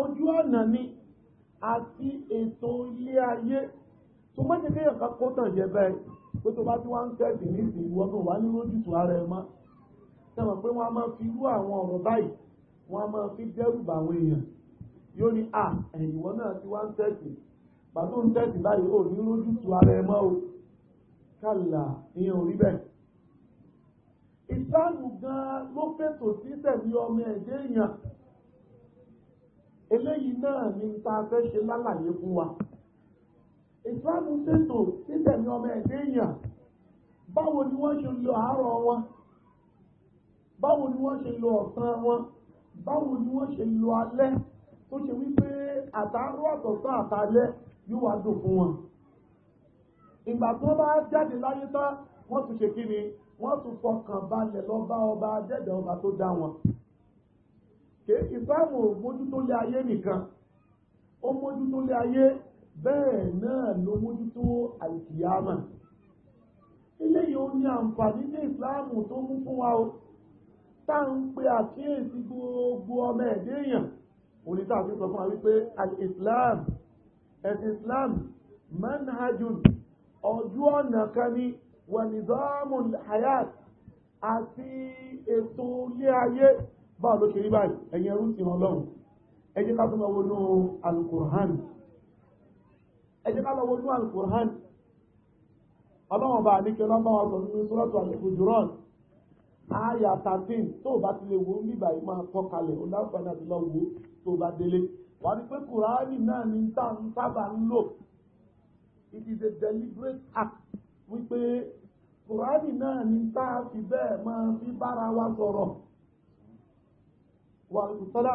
ojú ọ̀nà ni àti ètò ilé ayé tó mọ́jẹ̀kẹ́yàn kan kó tàn jẹ bẹ́ẹ̀ pé tó bá tí wọ́n ń tẹ̀sí nísìnyí wọ́n náà wà ní lójútù ara ẹ̀ mọ́ sẹ́wọ̀n pé wọ́n á máa fi irú àwọn ọ̀rọ̀ báyìí wọ́n á máa fi dẹ́rùbà àwọn èèyàn yóò ní à ẹ̀yìn wọ́n náà tí wọ́n ń tẹ̀sí pàtó ń tẹ̀sí báyìí ò ní lójútù ara ẹ̀ mọ́ o kàlà ìyẹn ò rí bẹ́ẹ̀. ìsáàmù gan-an ló fètò sí tẹ̀mí ọmọ ẹ̀dẹ́ èèyàn eléyìí náà ni ta fẹ́ ṣe lálàyé fún wa islam ṣètò títẹ̀lé ọmọ ẹ̀dẹ́ èèyàn báwo ni wọ́n ṣe lo àárọ̀ wọn báwo ni wọ́n ṣe lo ọ̀sán wọn báwo ni wọ́n ṣe lo alẹ́ tó ṣe wípé àtàárọ̀ àtọ̀sán àtàlẹ́ yóò wá dùn fún wọn ìgbà tó bá jáde láyé tán wọ́n tún ṣe kí ni wọ́n tún fọkàn balẹ̀ lọ bá ọba ajẹ́dẹ̀ ọba tó dá wọn kì í ìsáàmù ò mójútó lé ayé nìkan ó mójútó lé ayé bẹ́ẹ̀ náà ló mójútó àìkìyàmà eléyìí ó ní àǹfààní ní ìsìláàmù tó mú fún wa o tá ń pe àkíyèsí gbogbo ọmọ ẹ̀dẹ́ èèyàn onítà fi sọ fún wa wípé al-islam ẹ̀sìn islam manhajun ọjọ́ ọ̀nà kan ní wa nizamul hayat àti ètò ilé ayé báwo ló ṣe rí báyìí ẹ̀yẹn rú ti hàn lọ́hùn ẹ jẹ́ ká tún lọ wọnú al ẹjẹ́ ká lọ wọnú al-Qur'an ọlọ́wọ̀n bá àníkẹ́ lọ́bá wọn sọ nínú sọ́rọ̀tù al-Hujurat àyà 13 tó bá ti lè wo nígbà yìí máa kọ́ kalẹ̀ onáfẹ́ni àti lọ wo tó bá délé wà ní pé kùránì náà ní tá ń sábà ń lò it is a deliberate act wípé kùránì náà ní tá a fi bẹ́ẹ̀ máa fi bára wa sọ̀rọ̀ wà sọ́dà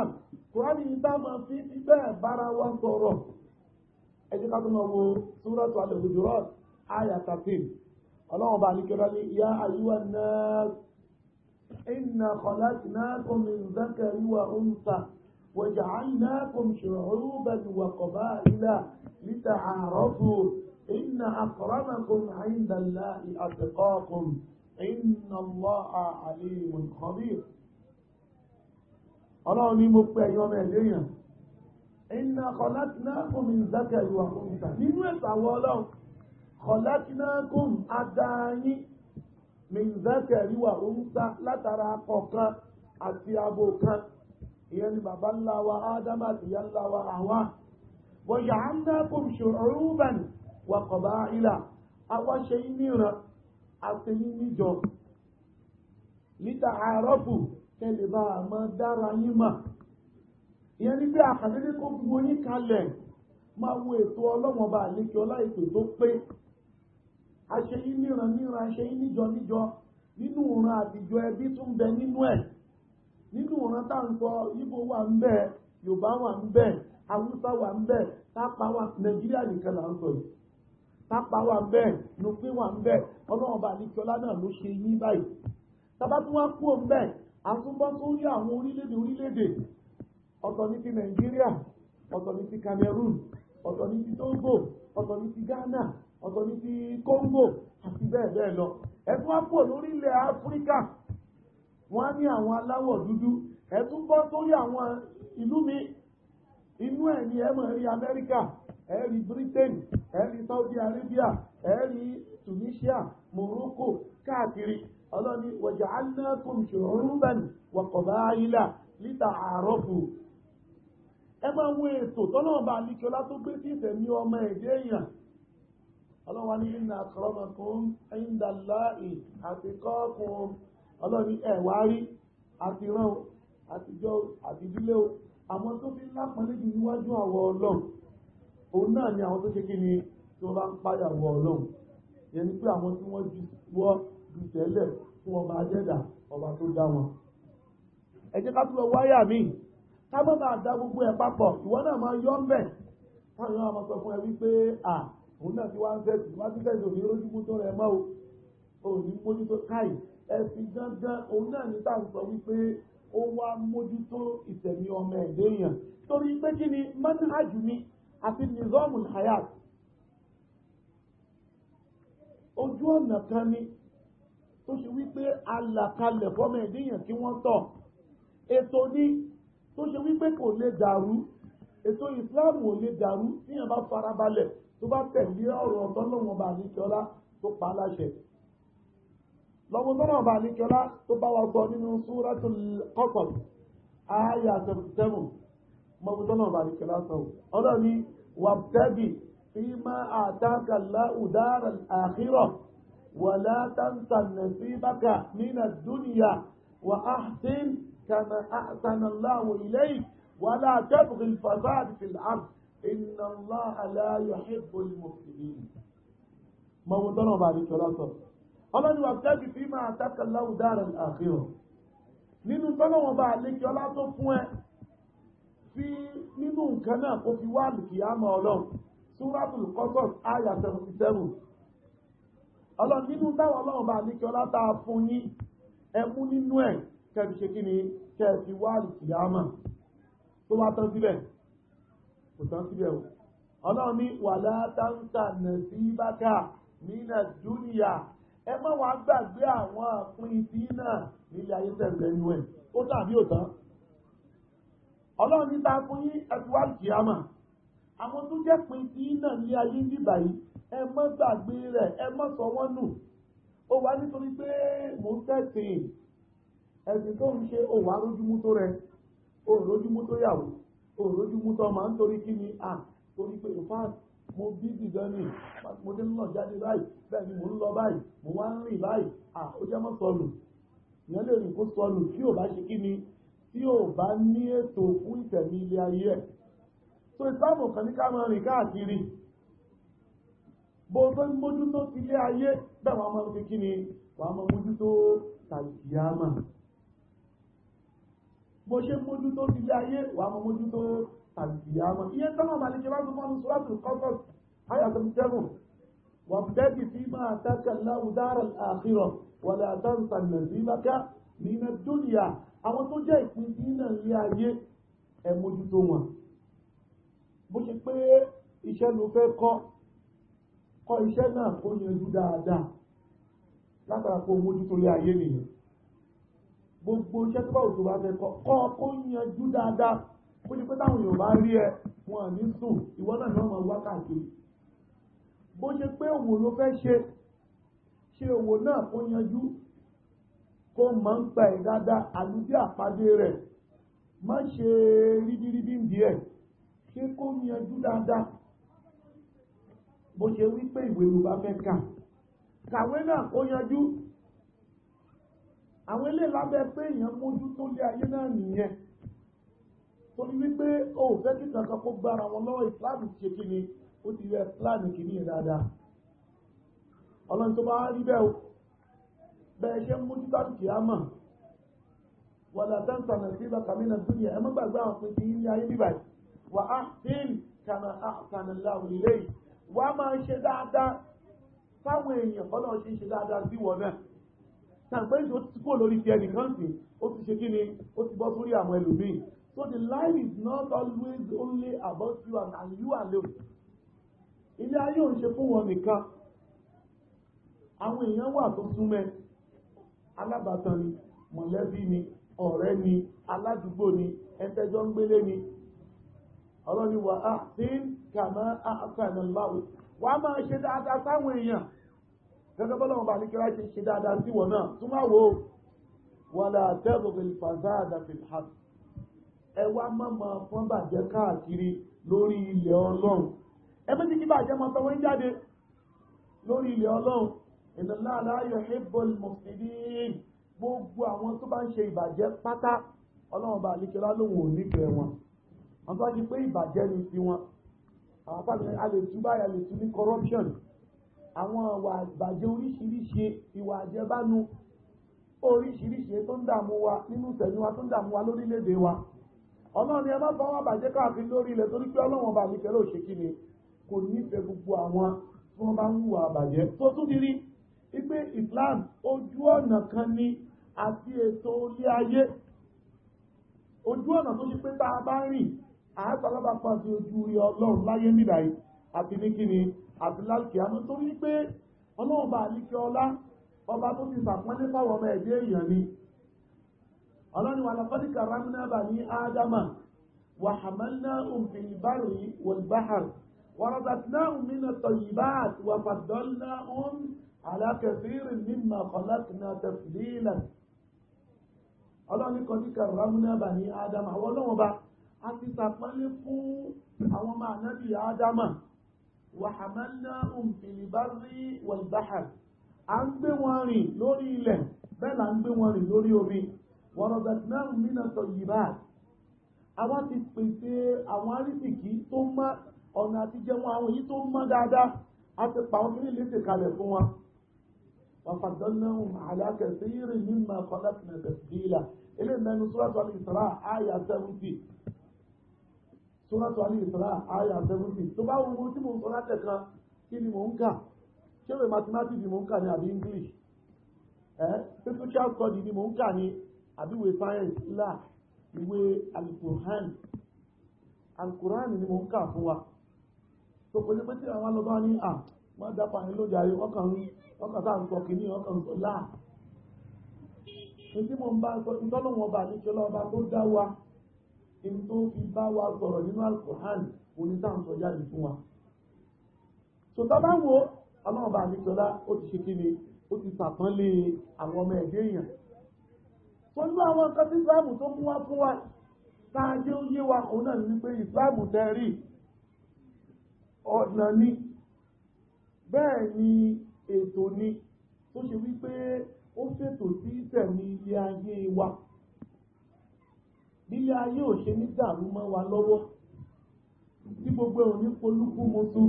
kùránì ní tá máa fi bẹ́ẹ̀ bára wa sọ̀rọ̀ ẹjẹ́ ká tó máa wo súrọ́tù al-Hujurat àyà thirteen ọlọ́run bá nìkẹ́rẹ́ ní yá àyíwá náà inna khalaqnakum min dhakarin wa untha wa ja'alnakum shu'uban wa qaba'ila lita'arafu inna akramakum 'inda Allahi atqakum inna Allaha 'alimun khabir ní mo pẹ́ ẹ̀yọ́ mẹ́lẹ́yìn iná kọ̀látiná kùn ìzákẹ́ ìwà kùnìtà nínú ẹ̀sà àwọn ọlọ́run kọ̀látiná kùn adáyín mìzákẹ́ ìwà kùnìtà látara akọ kan àti abo kan ìyẹn ni bàbá ńlá wa ádámà àti ìyá ńlá wa àwa wọ̀nyà áńdá kùn ṣòrúbàn wà kọ̀bá ilà àwa ṣe àti yín níta àárọ̀pù kẹlẹ̀ bá àmọ́ dára yín mà ìyẹn ni pé àkàdédé kó gbogbo yín kalẹ̀ máa wo ètò ọlọ́wọ́n bá àlékè ọlá ètò tó pé aṣeyín níran níran aṣeyín níjọ níjọ nínú ìran àtijọ́ ẹbí tún bẹ nínú ẹ̀ nínú ìran tá ń sọ Ìgbò wà ń bẹ Yorùbá wà ń bẹ Haúsá wà ń bẹ Tápà wà Nàìjíríà nìkan là ń sọ yìí Tápà wà ń bẹ Nupe wà ń bẹ ọlọ́wọ́n bá náà ló ṣe yín báyìí tábà kú òun bẹ́ẹ̀ àtúbọ̀ tó rí àwọn orílẹ̀-èdè orílẹ̀-èdè ọ̀tọ̀ ní ti nàìjíríà ọ̀tọ̀ ní ti cameroon ọ̀tọ̀ ní ti togo ọ̀tọ̀ ní ti ghana ọ̀tọ̀ ní ti congo àti bẹ́ẹ̀ bẹ́ẹ̀ lọ ẹ̀tún wá pọ̀ lórí ilẹ̀ áfíríkà wọ́n á ní àwọn aláwọ̀ dúdú ẹ̀tún bọ́ sórí àwọn ìlú mi inú ẹ̀ ni ẹ máa rí amẹ́ríkà ẹ rí britain ẹ rí saudi arabia ẹ rí tunisia morocco káàkiri ọlọ́ni waja'alnakum shu'uban wa qabaila lita'arafu ẹ máa wo ètò tọ́lọ́wọ́n bá líkẹ́ ọlá tó gbé sí ìfẹ̀mí ọmọ ẹ̀dẹ́ èèyàn ọlọ́wọ́ ní ìnà àkọ́rọ́mọkún ẹ̀yìndàláì àti kọ́ọ̀kún ọlọ́ni ẹ̀wárí àti rán àtijọ́ àtidílé o àwọn tó fi lápọ̀lé jù níwájú àwọ̀ ọlọ́run òun náà ni àwọn tó ṣe kí ni tí wọ́n bá ń páyà wọ ọlọ́run yẹni pé àwọn tí wọ́n ju wọ́ ju tẹ́lẹ̀ fún ọba ajẹ́dà ọba tó dá wọn ẹ ká tún lọ wáyà míì ká má bàa da gbogbo ẹ̀ papọ̀ ìwọ náà máa yọ ọ́nbẹ̀ káwọn náà máa sọ fún ẹ wípé à òun náà ti wá ń tẹ̀sí wá ti tẹ̀sí òní lójúmú tó rẹ̀ mọ́ o òní mójútó káì ẹ̀sìn gangan òun náà ní táà ń sọ wípé ó wá mójútó ìtẹ̀mí ọmọ ẹ̀dẹ́ èèyàn torí pé kí ni manhajù mi àti nizamul hayat ojú ọ̀nà kan ni tó ṣe wípé alàkalẹ̀ fọ́mọ ẹ̀dẹ́ èèyàn kí wọ́n tọ̀ ètò ní tó ṣe wípé kò lè dàrú ètò ìsìláàmù ò lè dàrú tíyàn bá farabalẹ̀ tó bá tẹ̀lé ọ̀rọ̀ ọ̀tọ́lọ́wọ̀n ọba àníkíọ́lá tó pa láṣẹ lọ́wọ́ tọ́lọ́wọ̀n ọba àníkíọ́lá tó bá wa gbọ́ nínú Suratul Qasas ààyè àtẹ̀kùtẹ́mù mọ́wọ́ tọ́lọ́wọ̀n ọba àníkíọ́lá sọ ọlọ́ni wabtaghi fima ataka Allahu daral akhirah wala tansa nasibaka minad dunya wa ahsin كما أحسن الله إليك ولا تبغي الفساد في الأرض إن الله لا يحب المفسدين ما وضعنا بعد الثلاثة أما نوابتك فيما أتاك الله دار الآخرة nínú tọ́lọ́ wọn bá àlékí ọlá tó fún ẹ fi nínú nǹkan náà kó fi wá àlùkìyámọ̀ ọlọ́run Suratul Qasas àyà seventy seven ọlọ́run nínú táwọn ọlọ́run bá àlékí ọlá tá a fún yín ẹ mú nínú ẹ̀ kẹ́ẹ̀fi ṣe kí ni kẹ́ẹ̀fi wá àlùkìyámà tó bá tán síbẹ̀ kò tán síbẹ̀ o ọlọ́run ní wàlá táǹkà nasibaka nínà dúnìyà ẹ má wàá gbàgbé àwọn àpín ìdí náà nílé ayé tẹ̀lé ẹnu ẹ̀ ó tàbí òtán ọlọ́run níta fún yín ẹ̀fí wá àlùkìyámà àwọn tó jẹ́ pin tí náà nílé ayé ń dìbà yìí ẹ má gbàgbé rẹ̀ ẹ má sọ wọ́n nù ó wà nítorí pé mò ń tẹ̀sìn ẹ̀sìn tó ń ṣe òwà lójúmú tó rẹ òròjúmú tó yàwó òròjúmú tó ń torí kí ni à torí pé ìfáàt mo bí dìgan ni mo dé ń lọ jáde báyìí bẹ́ẹ̀ ni mò ń lọ báyìí mo wá ń rìn báyìí à ó jẹ́ mọ́ sọnù ìyẹn lè rìn kó sọnù tí ò bá ṣe kí ni tí ò bá ní ètò fún ìtẹ̀mí ilé ayé ẹ̀ so ìsáàmù kan ní ká máa rìn káàkiri bó tó ń mójútó ilé ayé bẹ́ẹ̀ wọ́n máa ń fi kí ni wọ́n máa mójútó tàbí àmà bó ṣe mójú tó ti lé ayé wà á mọ mójú tó àlùkìyàmọ iye tọ́nà màlẹ́kẹ́ bá tún fọ́nù sùràtù kọ́kọ́ àyà tó ń tẹ́gùn wà bẹ́ẹ̀bì fi máa tẹ́kẹ̀ lọ́wọ́ dára àkírọ̀ wọlé àtọ́nsà nàìjíríà nínú dúnìyà àwọn tó jẹ́ ìpín tí náà lé ayé ẹ mójú tó wọn bó ṣe pé iṣẹ́ ló fẹ́ kọ́ kọ́ iṣẹ́ náà kó yanjú dáadáa látara kó mójú tó ayé nìyẹn gbogbo iṣẹ́ tó bá òtò bá fẹ́ kọ́ kọ́ kó yanjú dáadáa kó ní pé táwọn èèyàn bá rí ẹ wọn ní sùn ìwọ náà ni wọn máa wá káàkiri bó ṣe pé òwò ló fẹ́ ṣe ṣe òwò náà kó yanjú kó máa ń pa ẹ̀ dáadáa àlùbí àpàdé rẹ̀ má ṣe ríbíríbí díẹ̀ ṣé kó yanjú dáadáa bó ṣe wí pé ìwé ló bá fẹ́ kà kàwé náà kó yanjú àwọn ilé lábẹ́ pé èèyàn mójú tó lé ayé náà nìyẹn torí wípé o ò fẹ́ kí kankan kó gbára wọn lọ́wọ́ ìsìláàmù ṣe kí ni ó ti yẹ ìsìláàmù kì í nìyẹn dáadáa ọlọ́run tó bá rí bẹ́ẹ̀ o bẹ́ẹ̀ ṣe ń mójú tàbí kì á mọ̀ wàlá dáńtà náà sí ibà kàmí náà dúnìyà ẹ má gbàgbé àwọn pin ti ń ayé bíbà yìí wà á sín kàmá àkànà láwùn ilé yìí wà á máa ṣe dáadáa táwọn èèyàn fọlọ́ ṣe ń ṣe dáadáa sí wọn náà ṣàgbẹ́yìn tó ti kó lórí ti ẹnìkan sí ó ti ṣe kí ni ó ti bọ́ sórí àwọn ẹlòmíì so the life is not always only about you and, and you alone ilé ayé ò ń ṣe fún wọn nìkan àwọn èèyàn wà tó súnmẹ́ alábàtàn ni mọ̀lẹ́bí ni ọ̀rẹ́ ni aládùúgbò ni ẹ̀ńtẹ́jọ́ ń gbélé ni ọlọ́ni wà á sí kàmá àkànlá wà á máa ṣe dáadáa sáwọn èèyàn gẹ́gẹ́ bọ́lá wọn bá alikira ṣe ṣe dáadáa sí wọn náà tún máa wo wàlà tẹ́bùrì fàzáàdà fìlhàb ẹ wá mọ́mọ́ fún bàjẹ́ káàkiri lórí ilẹ̀ ọlọ́run ẹ bí ti kí bàjẹ́ mọ́ fẹ́ wọ́n jáde lórí ilẹ̀ ọlọ́run ìlànà aláyọ̀ hebron mufidin gbogbo àwọn tó bá ń ṣe ìbàjẹ́ pátá ọlọ́run bá alikira lòun ò nífẹ̀ẹ́ wọn wọn bá ti pé ìbàjẹ́ ni tiwọn àwọn corruption àwọn ìwà àgbàjẹ oríṣiríṣi ìwà àjẹbánu oríṣiríṣi tó ń dààmú wa nínú tẹ̀mí wa tó ń dààmú wa lórílẹ̀‐èdè wa ọlọ́run ni ẹ má fọwọ́ bàjẹ́ káàkiri lórí ilẹ̀ torí pé ọlọ́run ọba mi kẹ́lẹ́ òṣèkí ni kò nífẹ̀ẹ́ gbogbo àwọn tí wọ́n bá ń hùwà àbàjẹ́ tó tún ti rí wípé Islam ojú ọ̀nà kan ni àti ètò ilé ayé ojú ọ̀nà tó ṣe pé tá a bá rìn àásálábà pàṣẹ ojú ọlọ́run láyé nídàá yìí àti ní kíni àti láti àmú torí pé ọlọ́ọ̀bà àlíkẹ́ ọlá ọba tó ti sàpọ́nlé fáwọn ọmọ ẹ̀dẹ́ èèyàn ni ọlọ́ni wà lọ́fọ́dí kàrámínà bà ní ádámà wà hàmánà òmìnir bárò yìí wọ̀n báhàr wàrọ̀dàtìná òmìnà tọ̀yìbá àti wà fàdọ́lá òun alákẹfìrì mímà kọ̀lákìnà tẹ̀fìlìlà ọlọ́ni kọ́dí kàrámínà bà fún àwọn ọmọ ànábì ádámà وحملناهم في البر والبحر à ń gbé wọn rìn lórí ilẹ̀ bẹ́ẹ̀ là ń gbé wọn rìn lórí omi ورزقناهم من الطيبات àwa ti pèsè àwọn arísìkí tó mọ́ ọ̀nà àtijẹ́ wọn àwọn èyí tó mọ́ dáadáa a ti pa àwọn kiri léṣe kalẹ̀ fún wọn. وفضلناهم على كثير مما خلقنا تفضيلا eléyìí mẹ́nu Suratul Isra àyà 70 Suratul Al-Isra àyà seventy tó bá wo tí mò ń sọ láti ẹ̀kan kí ni mò ń kà ṣé ni mò ń kà ní àbí English ẹ pé study ni mò ń kà ní àbí science ìwé ni mò ń kà fún wa tó kọjú pé tí àwọn lọ́ba ní à wọ́n dápa ní lójà wọ́n kàn wọ́n ibi tó fi bá wa sọ̀rọ̀ nínú alukur'an oníta ń sọ jáde fún wa. sọ̀tàbá wo ọlọ́ọ̀bà àdìsọ́lá ó ti ṣe kíni ó ti sàpọ́nlé àwọn ọmọ ẹ̀dẹ́ èèyàn. pẹ̀lú àwọn nǹkan tí ìsìláàmù tó mú wá fún wa tá a jẹ́ ó yé wa òun náà ní pé ìsìláàmù tẹ́ rí ọ̀nà ni bẹ́ẹ̀ ni ètò ni tó ṣe wípé ó ṣètò sí ìtẹ̀mí ilé ayé wa bílé ayé ò ṣe ní dàrú mọ́ wa lọ́wọ́ tí gbogbo ẹ̀ ò ní polúkú mo tó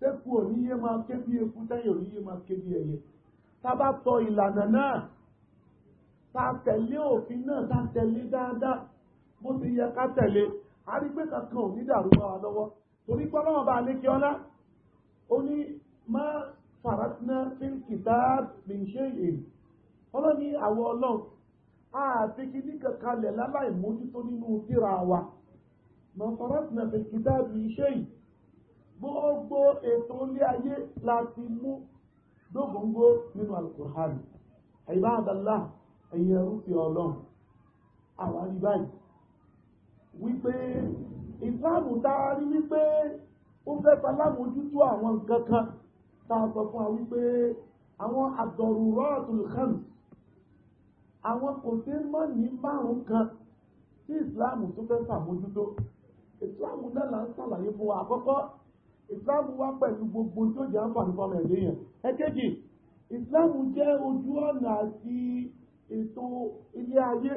tẹ́kù ò níyé máa ké bí eku tẹ́yìn ò níyé máa ké bí ẹyẹ tá bá tọ ìlànà náà tá tẹ̀lé òfin náà tá tẹ̀lé dáadáa bó ti yẹ ká tẹ̀lé a rí pé kankan ò ní dàrú mọ́ wa lọ́wọ́ torí pé ọlọ́wọ́ bá lé kí ọlá ó ní má fàràtúná fílkìtà bìṣẹ́ ìhìn ọlọ́ni àwọ̀ ọlọ́run àti kìíní kankan lẹ̀ láláì mójútó nínú tírà wa mọ̀fọ́rọ́sìnà fi kìtàbí iṣẹ́ yìí gbogbo ètò ilé ayé láti mú dógóngó nínú alukur'an àìbáàdàlá ẹ̀yìn ẹ̀rú ti ọlọ́run àwọn àríbáyìí wípé ìsìláàmù dárí wípé ó fẹ́ falámójútó àwọn nǹkan tá a sọ fún wa wípé àwọn àdọ̀rùrọ̀ àtúlùkàmù àwọn kò sí mọ́ ní márùn-ún kan tí ìsìláàmù tó fẹ́ sàmójútó ìsìláàmù náà là ń sàlàyé fún wa àkọ́kọ́ ìsìláàmù wá pẹ̀lú gbogbo tó jẹ́ àǹfààní fọmọ ẹ̀dẹ́ yẹn ẹ̀kejì ìsìláàmù jẹ́ ojú ọ̀nà àti ètò ilé ayé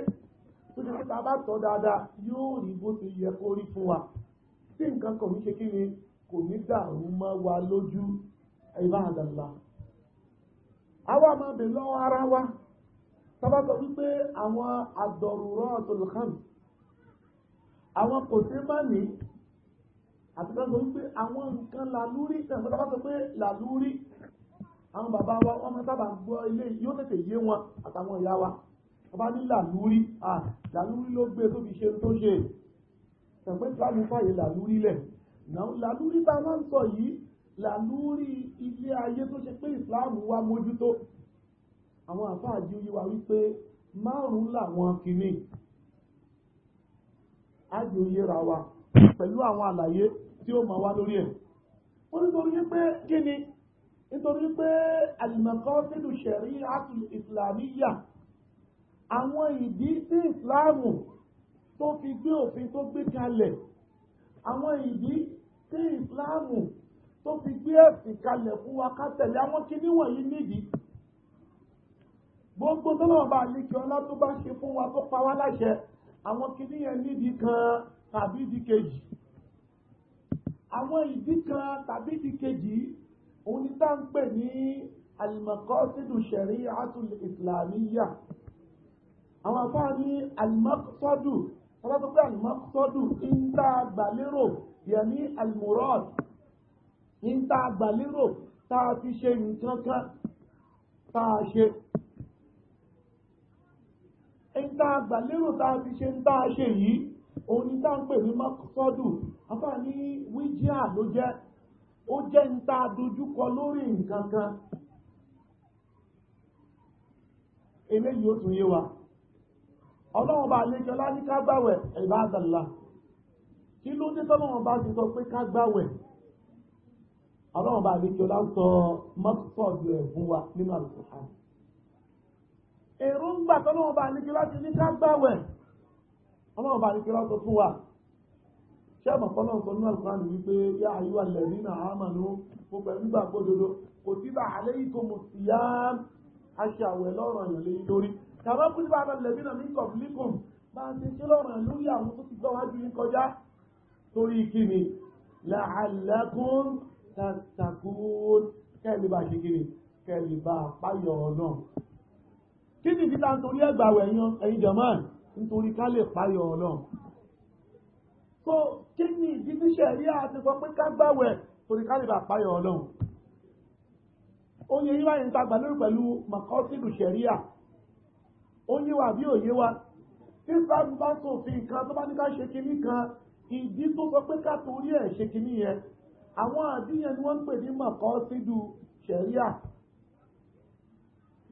tó ti kíta bá tọ́ dáadáa yóò rí bó ti yẹ kó rí fún wa tí nǹkan kò ní ṣe kí ni kò ní dàrú mọ́ wa lójú ìbáradàlá àwa máa bè lọ́wọ́ ara wa tọ́bátọ̀ wípé àwọn ad-daruratul khams àwọn kò sí má ní àti tọ́bátọ̀ wípé àwọn nǹkan làlúrí tọ́bátọ̀ pé làlúrí àwọn bàbá wa wọ́n máa sábà gbọ́ ilé yóò tètè yé wọn àtàwọn ìyá wa wọ́n bá ní làlúrí à làlúrí ló gbé tó fi ṣe tó ṣe tẹ̀pẹ́ ìsìlámù fàyè làlúrí lẹ̀ làlúrí tá a máa ń sọ yìí làlúrí ilé ayé tó ṣe pé ìsìlámù wa mójútó àwọn àfáàjí yí wa wípé márùn làwọn kìíní ájò yíra wa pẹ̀lú àwọn àlàyé tí ó máa wá lórí ẹ̀ wọ́n nítorí wípé kí ni nítorí pé àlùmọ̀kọ́ nínú ṣẹ̀rí àtùlù ìsìlámíyà àwọn ìdí tí ìsìláàmù tó fi gbé òfin tó gbé kalẹ̀ àwọn ìdí tí ìsìláàmù tó fi gbé ẹ̀sìn kalẹ̀ fún wa ká tẹ̀lé àwọn kinní wọ̀nyí nídìí gbogbo tọ́lọ́wọ́ bá lékè ọlá tó bá ṣe fún wa tó pa wá láṣẹ àwọn kìíní yẹn nídìí kan tàbí ìdí kejì àwọn ìdí kan tàbí ìdí kejì òun ni tá à ń pè ní alimakọ́sídù ṣẹ̀rí àtúl àwọn afá ní alimakọ́sọ́dù wọ́n bá tó pé yẹn ní alimurad ń tá tá a fi ṣe nǹkan kan tá a ṣe ẹ̀ńtà àgbàlérò tá a fi ṣe ń tá a ṣe yìí òun ni tá à ń pè ní mọ́tọ́dù àbá ní wíjíà ló jẹ́ ó jẹ́ ń tá a dojúkọ lórí nǹkan kan eléyìí ó tún yé wa ọlọ́run bá àlejò ọlá ní ká ẹ̀bá àdàlà kí ló dé tọ́lọ́run bá ti sọ pé ká ọlọ́run bá àlejò ọlá sọ mọ́tọ́dù ẹ̀ fún wa nínú àlùkò kan tọ́lọ́wọ́ bá nígbé láti ní kágbàwẹ̀ ọlọ́wọ́ bá nígbé láti fún wa ṣẹ́mọ̀ fọ́lọ́wọ́ sọ ní alùpàdé wípé yá ayú alẹ́rí na àmàlú mo pẹ̀lú gbà gbódodo kò tí bá alẹ́ yìí kò mọ̀ sí yá aṣẹ àwẹ̀ lọ́rọ̀ yàn lé lórí kàmá kú nípa àbẹ̀ lẹ́bí náà ní kọ̀bílíkùn bá ti ṣe lọ́rọ̀ lórí àwọn tó ti gbọ́ wájú yín kọjá torí kíni làálẹ́kùn tàkùn kẹ́lì bá ṣe kíni kẹ́lì bá páyọ̀ náà kí ni ìdílá nítorí ẹgbàwẹ̀ yan ẹ̀yin jọ̀mọ́n nítorí ká lè páyọ̀ ọlọ́run so kí ni ìdílé ṣẹ̀rí àti sọ pé ká gbàwẹ̀ torí ká lè bá páyọ̀ ọlọ́run ó ní eyín báyìí ń ta gbàlérò pẹ̀lú makọ́sílù ṣẹ̀ríà ó ní wà bí òye wa tí sáàbù bá sòfin kan tó bá ní ká ṣe kinní kan ìdí tó sọ pé ká torí ẹ̀ ṣe kinní yẹn àwọn àdíyẹn ni wọ́n ń pè ní makọ́sílù ṣẹ̀ríà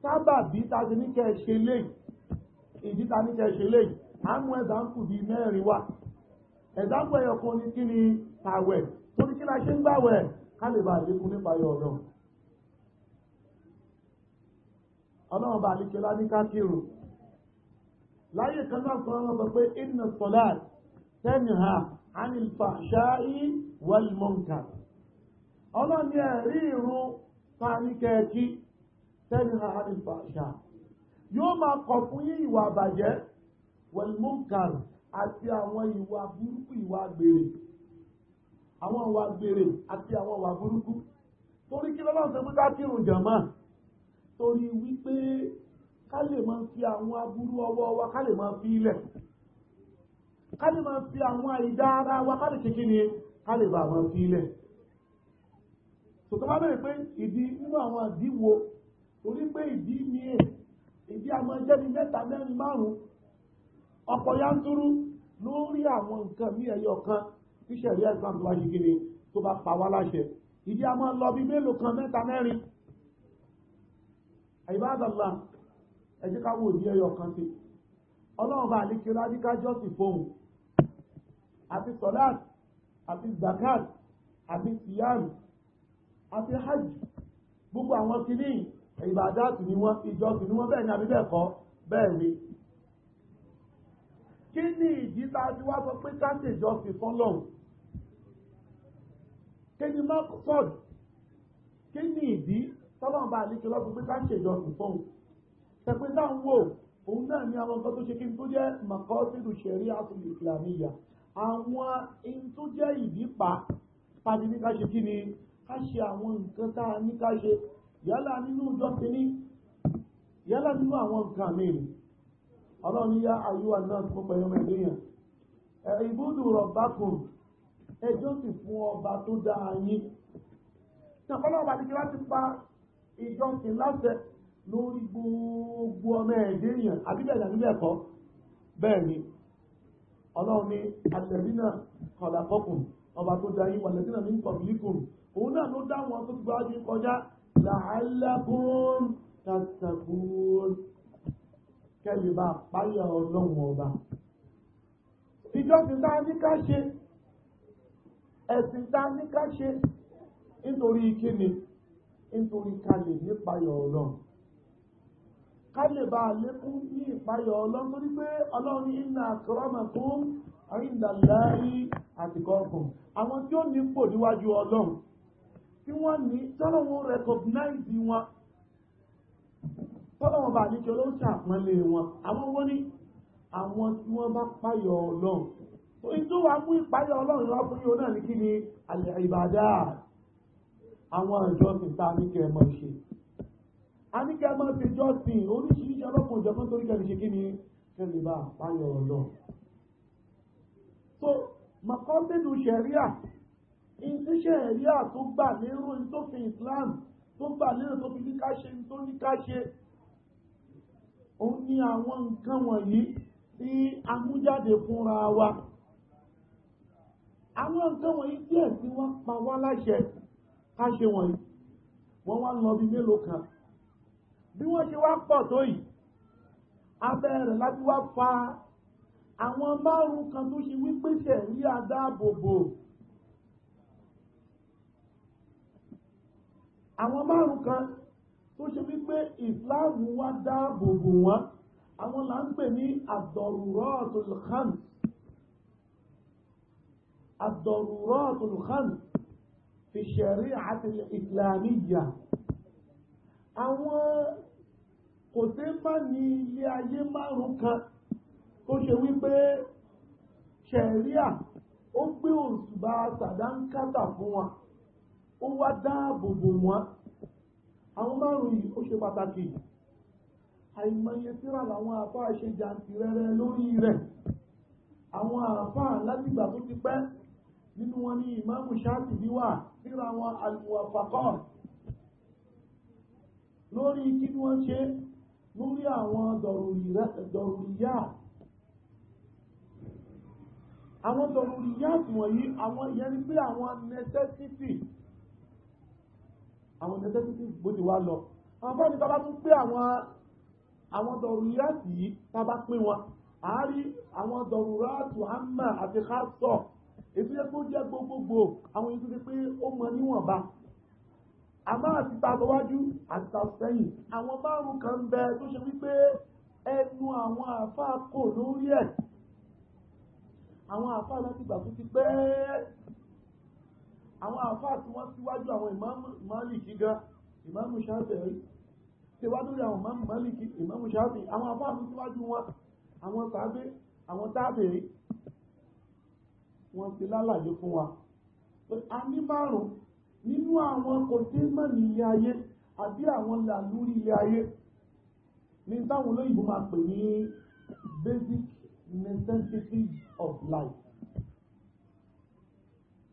sábàbí ta ti ní kẹ́ ẹ ṣe léyìí ìdí ta ní kẹ́ ẹ ṣe léyìí à ń mú ẹ̀dáǹkù bíi mẹ́rin wá ẹ̀dáǹkù ẹ̀yọ̀ kan ní kí ni tàwẹ̀ torí kí la ṣe ń gbàwẹ̀ ká lè bá àlékún nípa ayọ̀ ọ̀rọ̀ ọlọ́run bá àlékè lá ní ká láyé kan náà sọ wọn sọ pé inna salat tanha anil fahsha'i wal munkar ọlọ́run ní ẹ̀rí ìrun ta ní kẹ́ tẹ́lẹ̀ ha ìfàṣà yóò máa kọ̀ fún yín ìwà àbàjẹ́ wẹ̀lmúnkàr àti àwọn ìwà burúkú ìwà gbèrè àwọn ìwà gbèrè àti àwọn ìwà burúkú torí kí lọ́lọ́run ṣe pé ká kírun jàmá torí wípé ká lè máa fi àwọn aburú ọwọ́ wa ká lè máa fi ilẹ̀ ká lè máa fi àwọn àìdá ara wa ká lè ṣe kí ni ká lè bá máa fi ilẹ̀ tòtọ́ bá bẹ̀rẹ̀ pé ìdí nínú àwọn àdíwo torí pé ìdí mi è e, ìdí àmọ́ jẹ́bi mẹ́ta mẹ́rin márùn-ún ọ̀pọ̀ yanturu lórí àwọn nǹkan mí ẹyọ kan tí sẹ̀rí ẹ̀sán tó bá ṣe kiri tó bá pa wá láṣẹ ìdí àmọ́ lọ bí mélòó kan mẹ́ta mẹ́rin àyíbádọ́lá ẹ jẹ́ ká wo ìdí ẹyọ kan sí ọlọ́run bá àlékè rádíkà jọ́sì fóun àti sọ́láàt àti zakat àti siyam àti hajj gbogbo àwọn kìnnìyàn ìbàdáàtì ni wọ́n ìjọsìn ni wọ́n bẹ́ẹ̀ ni àbí bẹ́ẹ̀ kọ́ bẹ́ẹ̀ ni kí ni ìdí tá a ti wá sọ pé káṣí ìjọsìn fọ́lọ́hùn kí ni mọ́kọ́d kí ni ìdí tọ́lọ́hùn bá àlékè lọ́sọ pé káṣí ìjọsìn fọ́hùn tẹ̀pẹ́ táwọn wò òun náà ni àwọn nǹkan tó ṣe kí n tó jẹ́ mọ̀kọ́sídù ṣẹ̀rí àtúndì ìsìlámíyà àwọn in tó jẹ́ ìdí pa tàbí ní ká ṣe kí ni ká ṣe àwọn nǹkan tá a ní ká ṣe yálà nínú ìjọsìn ní yálà nínú àwọn nǹkan mìíràn ọlọ́run yá àyíwá náà tó pẹ̀lú ọmọ ẹgbẹ́ yẹn ìbúdù rọ̀bákùn ẹjọ́ sì fún ọba tó dáa yín ṣàkọ́lọ́ ọba ti láti pa ìjọsìn láṣẹ lórí gbogbo ọmọ ẹgbẹ́ yẹn àbíbẹ̀rẹ̀ àbíbẹ̀kọ́ bẹ́ẹ̀ ni ọlọ́run ní àtẹ̀bínà kọ̀dàkọ́kùn ọba tó dáa yín wà lẹ́sìn náà ní kọ̀bílíkùn òun náà ló dá wọn tó ti làálẹ́kùn tàtàkùn kẹlìbà páyà ọlọ́run ọba ìjọsìn tá a ní ká ṣe ẹ̀sìn tá a ní ká ṣe nítorí kíni nítorí ká lè nípayọ̀ ọlọ́run ká lè bá a lékún ní ìpayọ̀ ọlọ́run torí pé ọlọ́run ní inna akramakum inda Allahi àtìkọ́kùn àwọn tí ó ní pò níwájú ọlọ́run tí wọ́n ní tọ́lọ́wọ́ recognize wọn tọ́lọ́wọ́ bá níkẹ́ ló ń ṣàpọ́nlé wọn àwọn wọ́n ní àwọn tí wọ́n bá páyọ̀ ọlọ́run orí tó wà mú ìpáyọ̀ ọlọ́run wá fún yóò náà ní kí ni àlẹ́ìbàdá àwọn ìjọsìn tá a ní kẹ́ mọ̀ ṣe a ní kẹ́ mọ̀ ṣe jọ́sìn oríṣiríṣi ọlọ́kùn ìjọba torí kẹ́ lè ṣe kí ni kẹ́ lè bá àpáyọ̀ ọlọ́run so mọ̀kọ́ bẹ́ẹ̀ ìtúṣe ẹ̀ríà tó gbà lérò tó fi Islam tó gbà lérò tó fi ní ká ṣe tó ní ká ṣe òun ni àwọn nǹkan wọ̀nyí tí a mú jáde fúnra wa àwọn nǹkan wọ̀nyí díẹ̀ tí wọ́n pa wá láṣẹ ká ṣe wọ̀nyí wọ́n wá lọ bí mélòó kan bí wọ́n ṣe wá pọ̀ tó yìí abẹ́rẹ̀ láti wá fa àwọn márùn kan tó ṣe wípé ṣẹ̀rí àdáàbòbò àwọn márùn kan tó ṣe wípé ìsìláàmù wá dáàbò bò wọ́n àwọn là ń pè ní ad-daruratul khams ad-daruratul khams fi shari'ati al-islamiyya àwọn kò sí bá ní ilé ayé márùn kan tó ṣe wípé ṣẹ̀ríà ó gbé òṣùbà sàdánkátà fún wọn ó wá dáàbò bò wọ́n àwọn márùn-ún yìí ó ṣe pàtàkì àìmọye síra làwọn àfáà ṣe jàǹtì rẹrẹ lórí rẹ̀ àwọn àfáà látìgbà tó ti pẹ́ nínú wọn ni ìmáàmù ṣáàtì bí wà síra wọn àlùwàfàkọ́ lórí kí wọ́n ṣe lórí àwọn dọ̀rùrìyà àwọn dọ̀rùrìyà wọ̀nyí àwọn ìyẹn ni pé àwọn necessity àwọn necessities bó ti wá lọ àwọn fọ́ọ̀nì tá a bá tún pé àwọn àwọn dọ̀rùyàtì yìí tá a bá pín wọn a rí àwọn dọ̀rùyàtì àmà àti kásọ̀ ètò yẹ kó jẹ́ gbogbogbò àwọn ètò pé ó mọ níwọ̀nba àmọ́ àti ta lọ́wájú àti ta sẹ́yìn àwọn márùn kan ń bẹ tó ṣe wípé ẹnu àwọn àáfàá kò lórí ẹ̀ àwọn àáfàá láti gbà tó ti pẹ́ẹ́ àwọn àfáà tí wọ́n síwájú àwọn ìmáàmù Málíkì gan ìmáàmù Ṣáfi'í síwájú àwọn ìmáàmù Málíkì ìmáàmù Ṣáfi'í àwọn àfáà tí síwájú wọn àwọn sàábé àwọn tábìrì wọ́n ti lálàyé fún wa a ní márùn nínú àwọn kò tí mọ̀ ní ilé ayé àbí àwọn làlúrí ilé ayé ní táwọn olóyìnbó máa pè ní basic necessities of life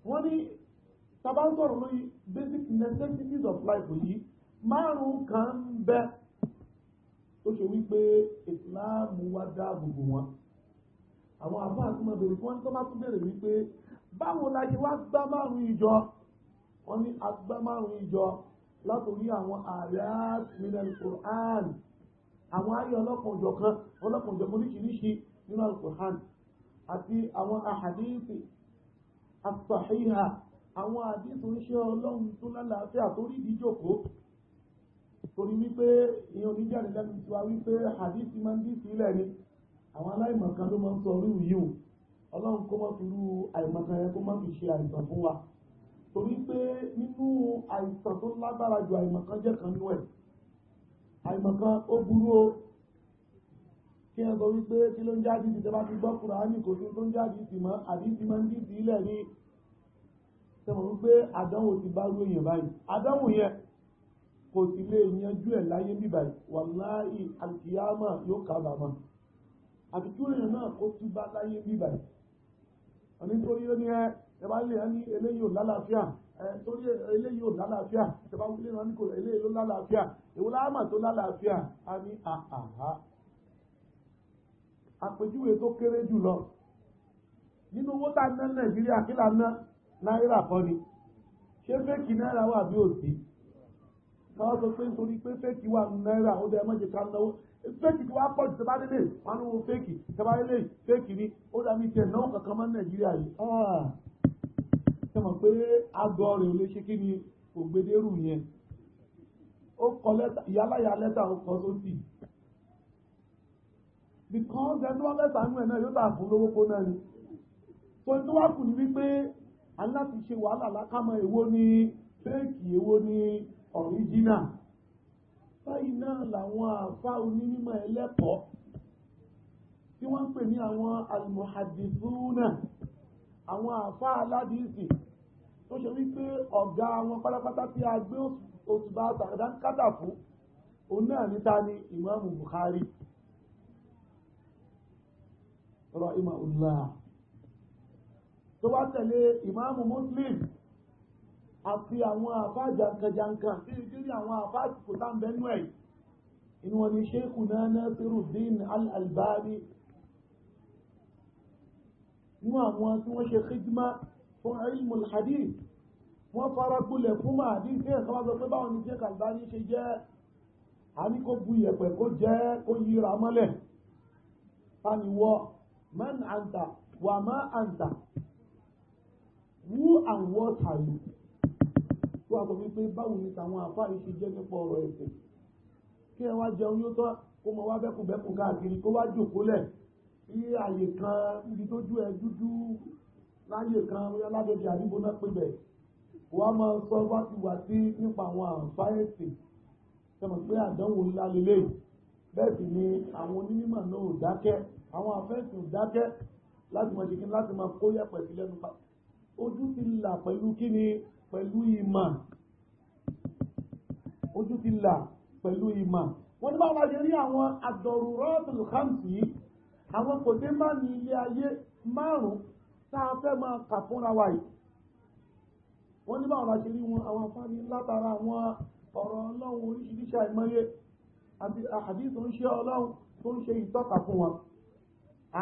wọ́n ní tàbá ń sọ̀rọ̀ lórí basic necessities of life yìí márùn-ún kan ń bẹ ó ṣe wípé Islam wá dáàbò bò wọn àwọn àbáà tó máa bèrè fún wọn tó bá tún bèrè wípé báwo la ṣe wá gbá márùn-ún ìjọ wọn ní agbá márùn-ún ìjọ látòrí àwọn ayat minal Qur'an àwọn ayé ọlọ́kùnjọ kan ọlọ́kùnjọ oríṣiríṣi nínú al-Qur'an àti àwọn ahadithi as-sahiha àwọn àdísùn iṣẹ́ ọlọ́run tó lálàáfíà tó rí ìdíjòkó torí wípé ìyẹn oníjàre lẹ́nu ti wá wípé àdísì máa ń dí sílẹ̀ ni àwọn aláìmọ̀kan ló máa ń sọ orí ìwé o ọlọ́run kó má fi rú àìmọ̀kan yẹn kó má fi ṣe àìsàn fún wa torí pé nínú àìsàn tó lágbára ju àìmọ̀kan jẹ́ kan nú ẹ̀ àìmọ̀kan ó burú o kí ẹ sọ wípé kí ló ń jáde ìdìtẹ́ bá ti gbọ́ Kùránì kò sí tó ń jáde ìdìmọ̀ àdísì máa ń dí sílẹ̀ ni sẹ́wọ̀n wípé àdánwò ti bá rú èèyàn báyìí àdánwò yẹn kò sì lè yanjú ẹ̀ láyé bí báyìí wàláhì àkìyámà yóò kábàámọ̀ àti kí èèyàn náà kó tún bá láyé bí báyìí àní torí ó ní ẹ ẹ bá lè ní eléyìí ò lálàáfíà ẹ torí eléyìí ò lálàáfíà ẹ bá wílé náà ní kò eléyìí ló lálàáfíà èwo láàmà tó lálàáfíà a ní àhàhà àpèjúwe tó kéré jù lọ nínú owó tá a ná Nàìjíríà kí là ná náírà kọ́ ni ṣé fẹ́ẹ̀kì náírà wà bí òsì káwọ́ sọ pé nítorí pé fẹ́ẹ̀kì wà nù náírà ó dẹ́ mọ́jẹ ká náwó fẹ́ẹ̀kì tí wàá pọ̀ jù tẹ́bá délé wọn ní wọn fẹ́ẹ̀kì tẹ́bá délé fẹ́ẹ̀kì ni ó dàbí tiẹ̀ náwó kankan mọ́ nàìjíríà yìí ah! ṣe mọ̀ pé àgọ́ rẹ̀ ò lè ṣe kí ni ògbédérù yẹn ó kọ lẹ́tà ìyáláyà lẹ́tà ó kọ sósì because ẹni wọn mẹ́ta nú ẹ̀ náà yóò tà fún lówó kó náà ni tó ń tó wá kù ní wípé aláti ṣe wàhálà lákàmọ́ èwo ní fẹ́ẹ̀kì èwo ní ọ̀ríjínà báyìí náà làwọn àfa onímọ̀ ẹlẹ́kọ̀ọ́ tí wọ́n ń pè ní àwọn almuhadithuna àwọn àfa aládìsì tó ṣe wípé ọ̀gá wọn pátápátá tí a gbé òtùbà àtàkàdá fún òun náà níta ni ìmáàmù Bukhari rahimahullah tó bá tẹ̀lé ìmáàmù muslim àti àwọn àfá jankanjankan tí ìdílé àwọn àfá kò tá ń bẹnu ẹ̀ inú wọn ni sheikh nana sirudin al-albani inú àwọn tí wọ́n ṣe khidma fún ilmul hadith wọ́n fara gbolẹ̀ fún máa hadith ní ẹ̀ka wá sọ pé báwọn ni sheikh albani ṣe jẹ́ àní kó bu iyẹ̀pẹ̀ kó jẹ́ kó yíra mọ́lẹ̀ tani wọ́ man anta wa ma anta who and what are you? tó a sọ wípé báwo ni tàwọn àfáà yìí ṣe jẹ́ nípa ọ̀rọ̀ ẹ̀sìn kí ẹ wá jẹun yóò tọ́ kó mọ wá bẹ́kùnbẹ́kùn káàkiri kó wá jòkólẹ̀ ní àyè kan ibi tó jú ẹ dúdú láyè kan lágbègbè àdúgbò náà pé bẹ̀ kó wá máa sọ wá ti wà sí nípa àwọn àǹfààní ẹ̀sìn sọmọ pé àdánwò ńlá lélẹ́yìí bẹ́ẹ̀ sì ni àwọn onímọ̀ náà ò dákẹ́ àwọn àfẹ́sùn dákẹ́ láti mọ̀ ṣe kí láti máa kó yẹ̀pẹ̀ sí lẹ́nu pàtó ojú ti là pẹ̀lú kíni pẹ̀lú ìmọ̀ ojú ti là pẹ̀lú ìmọ̀ wọ́n ní báwa ṣe rí àwọn ad-daruratul khamsi àwọn kò dé má ní ilé ayé márùn-ún tá a fẹ́ máa kà fúnra wa yìí wọ́n ní báwa ṣe rí wọn àwọn afáàní látara àwọn ọ̀rọ̀ ọlọ́run oríṣiríṣi àìmọye àti àdìsọ ń ṣe ọlọ́run tó ń ṣe ìtọ́ka fún wọn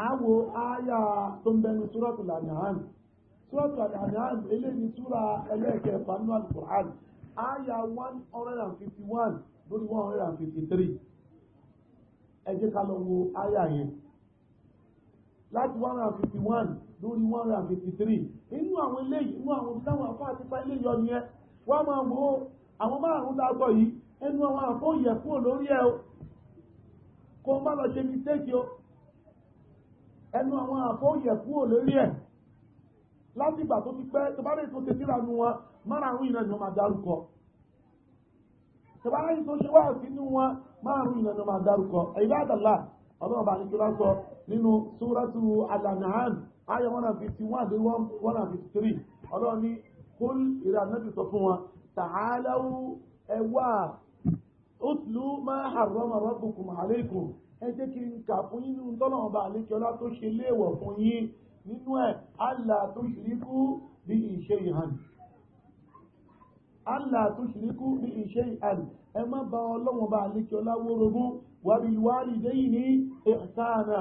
àáwo ááyà tó ń bẹnu Suratul An'am Suratul al eléyìí túra ẹlẹ́ẹ̀kẹfà nínú quran one hundred and fifty one lórí one hundred and fifty three ẹ jẹ́ ká lọ wo aya yẹn láti one hundred and fifty one lórí one hundred and fifty three inú àwọn eléyìí inú àwọn táwọn afọ àti pa eléyìí ọ̀nì yẹn wọ́n máa wo àwọn márùn-ún dàgbọ̀ yìí o kó o má lọ ṣe mistake o láti ìgbà tó ti pẹ́ tẹ́bárà ètò tẹ̀síra nu wọn márùn-ún ìrìnà ni wọ́n máa dárúkọ tẹ́bárà ètò ṣe wá sínú wọn márùn-ún ìrìnà ni wọ́n máa dárúkọ ẹ̀yìn àdàlà ọlọ́run ọba ní kíra sọ nínú súrátù Al-An'am ayé one hundred fifty one dé one hundred fifty three ọlọ́run ní kúl ìrànlẹ́bì sọ fún wọn tààlàwù ẹ̀wà òtùlù máa harrama rabbukum alaykum ẹ jẹ́ kí n kà fún yín nínú tọ́lọ́run ọba àlékè ọlá tó ṣe léèwọ̀ fún yín nínú ẹ̀ Allah tó ṣìríkú bí iṣẹ́ ìhàn Allah tó ṣìríkú bí iṣẹ́ ìhàn ẹ má bá ọlọ́wọ̀n bá alékẹ́ ọláwórogún wà bí wálidayni ihsana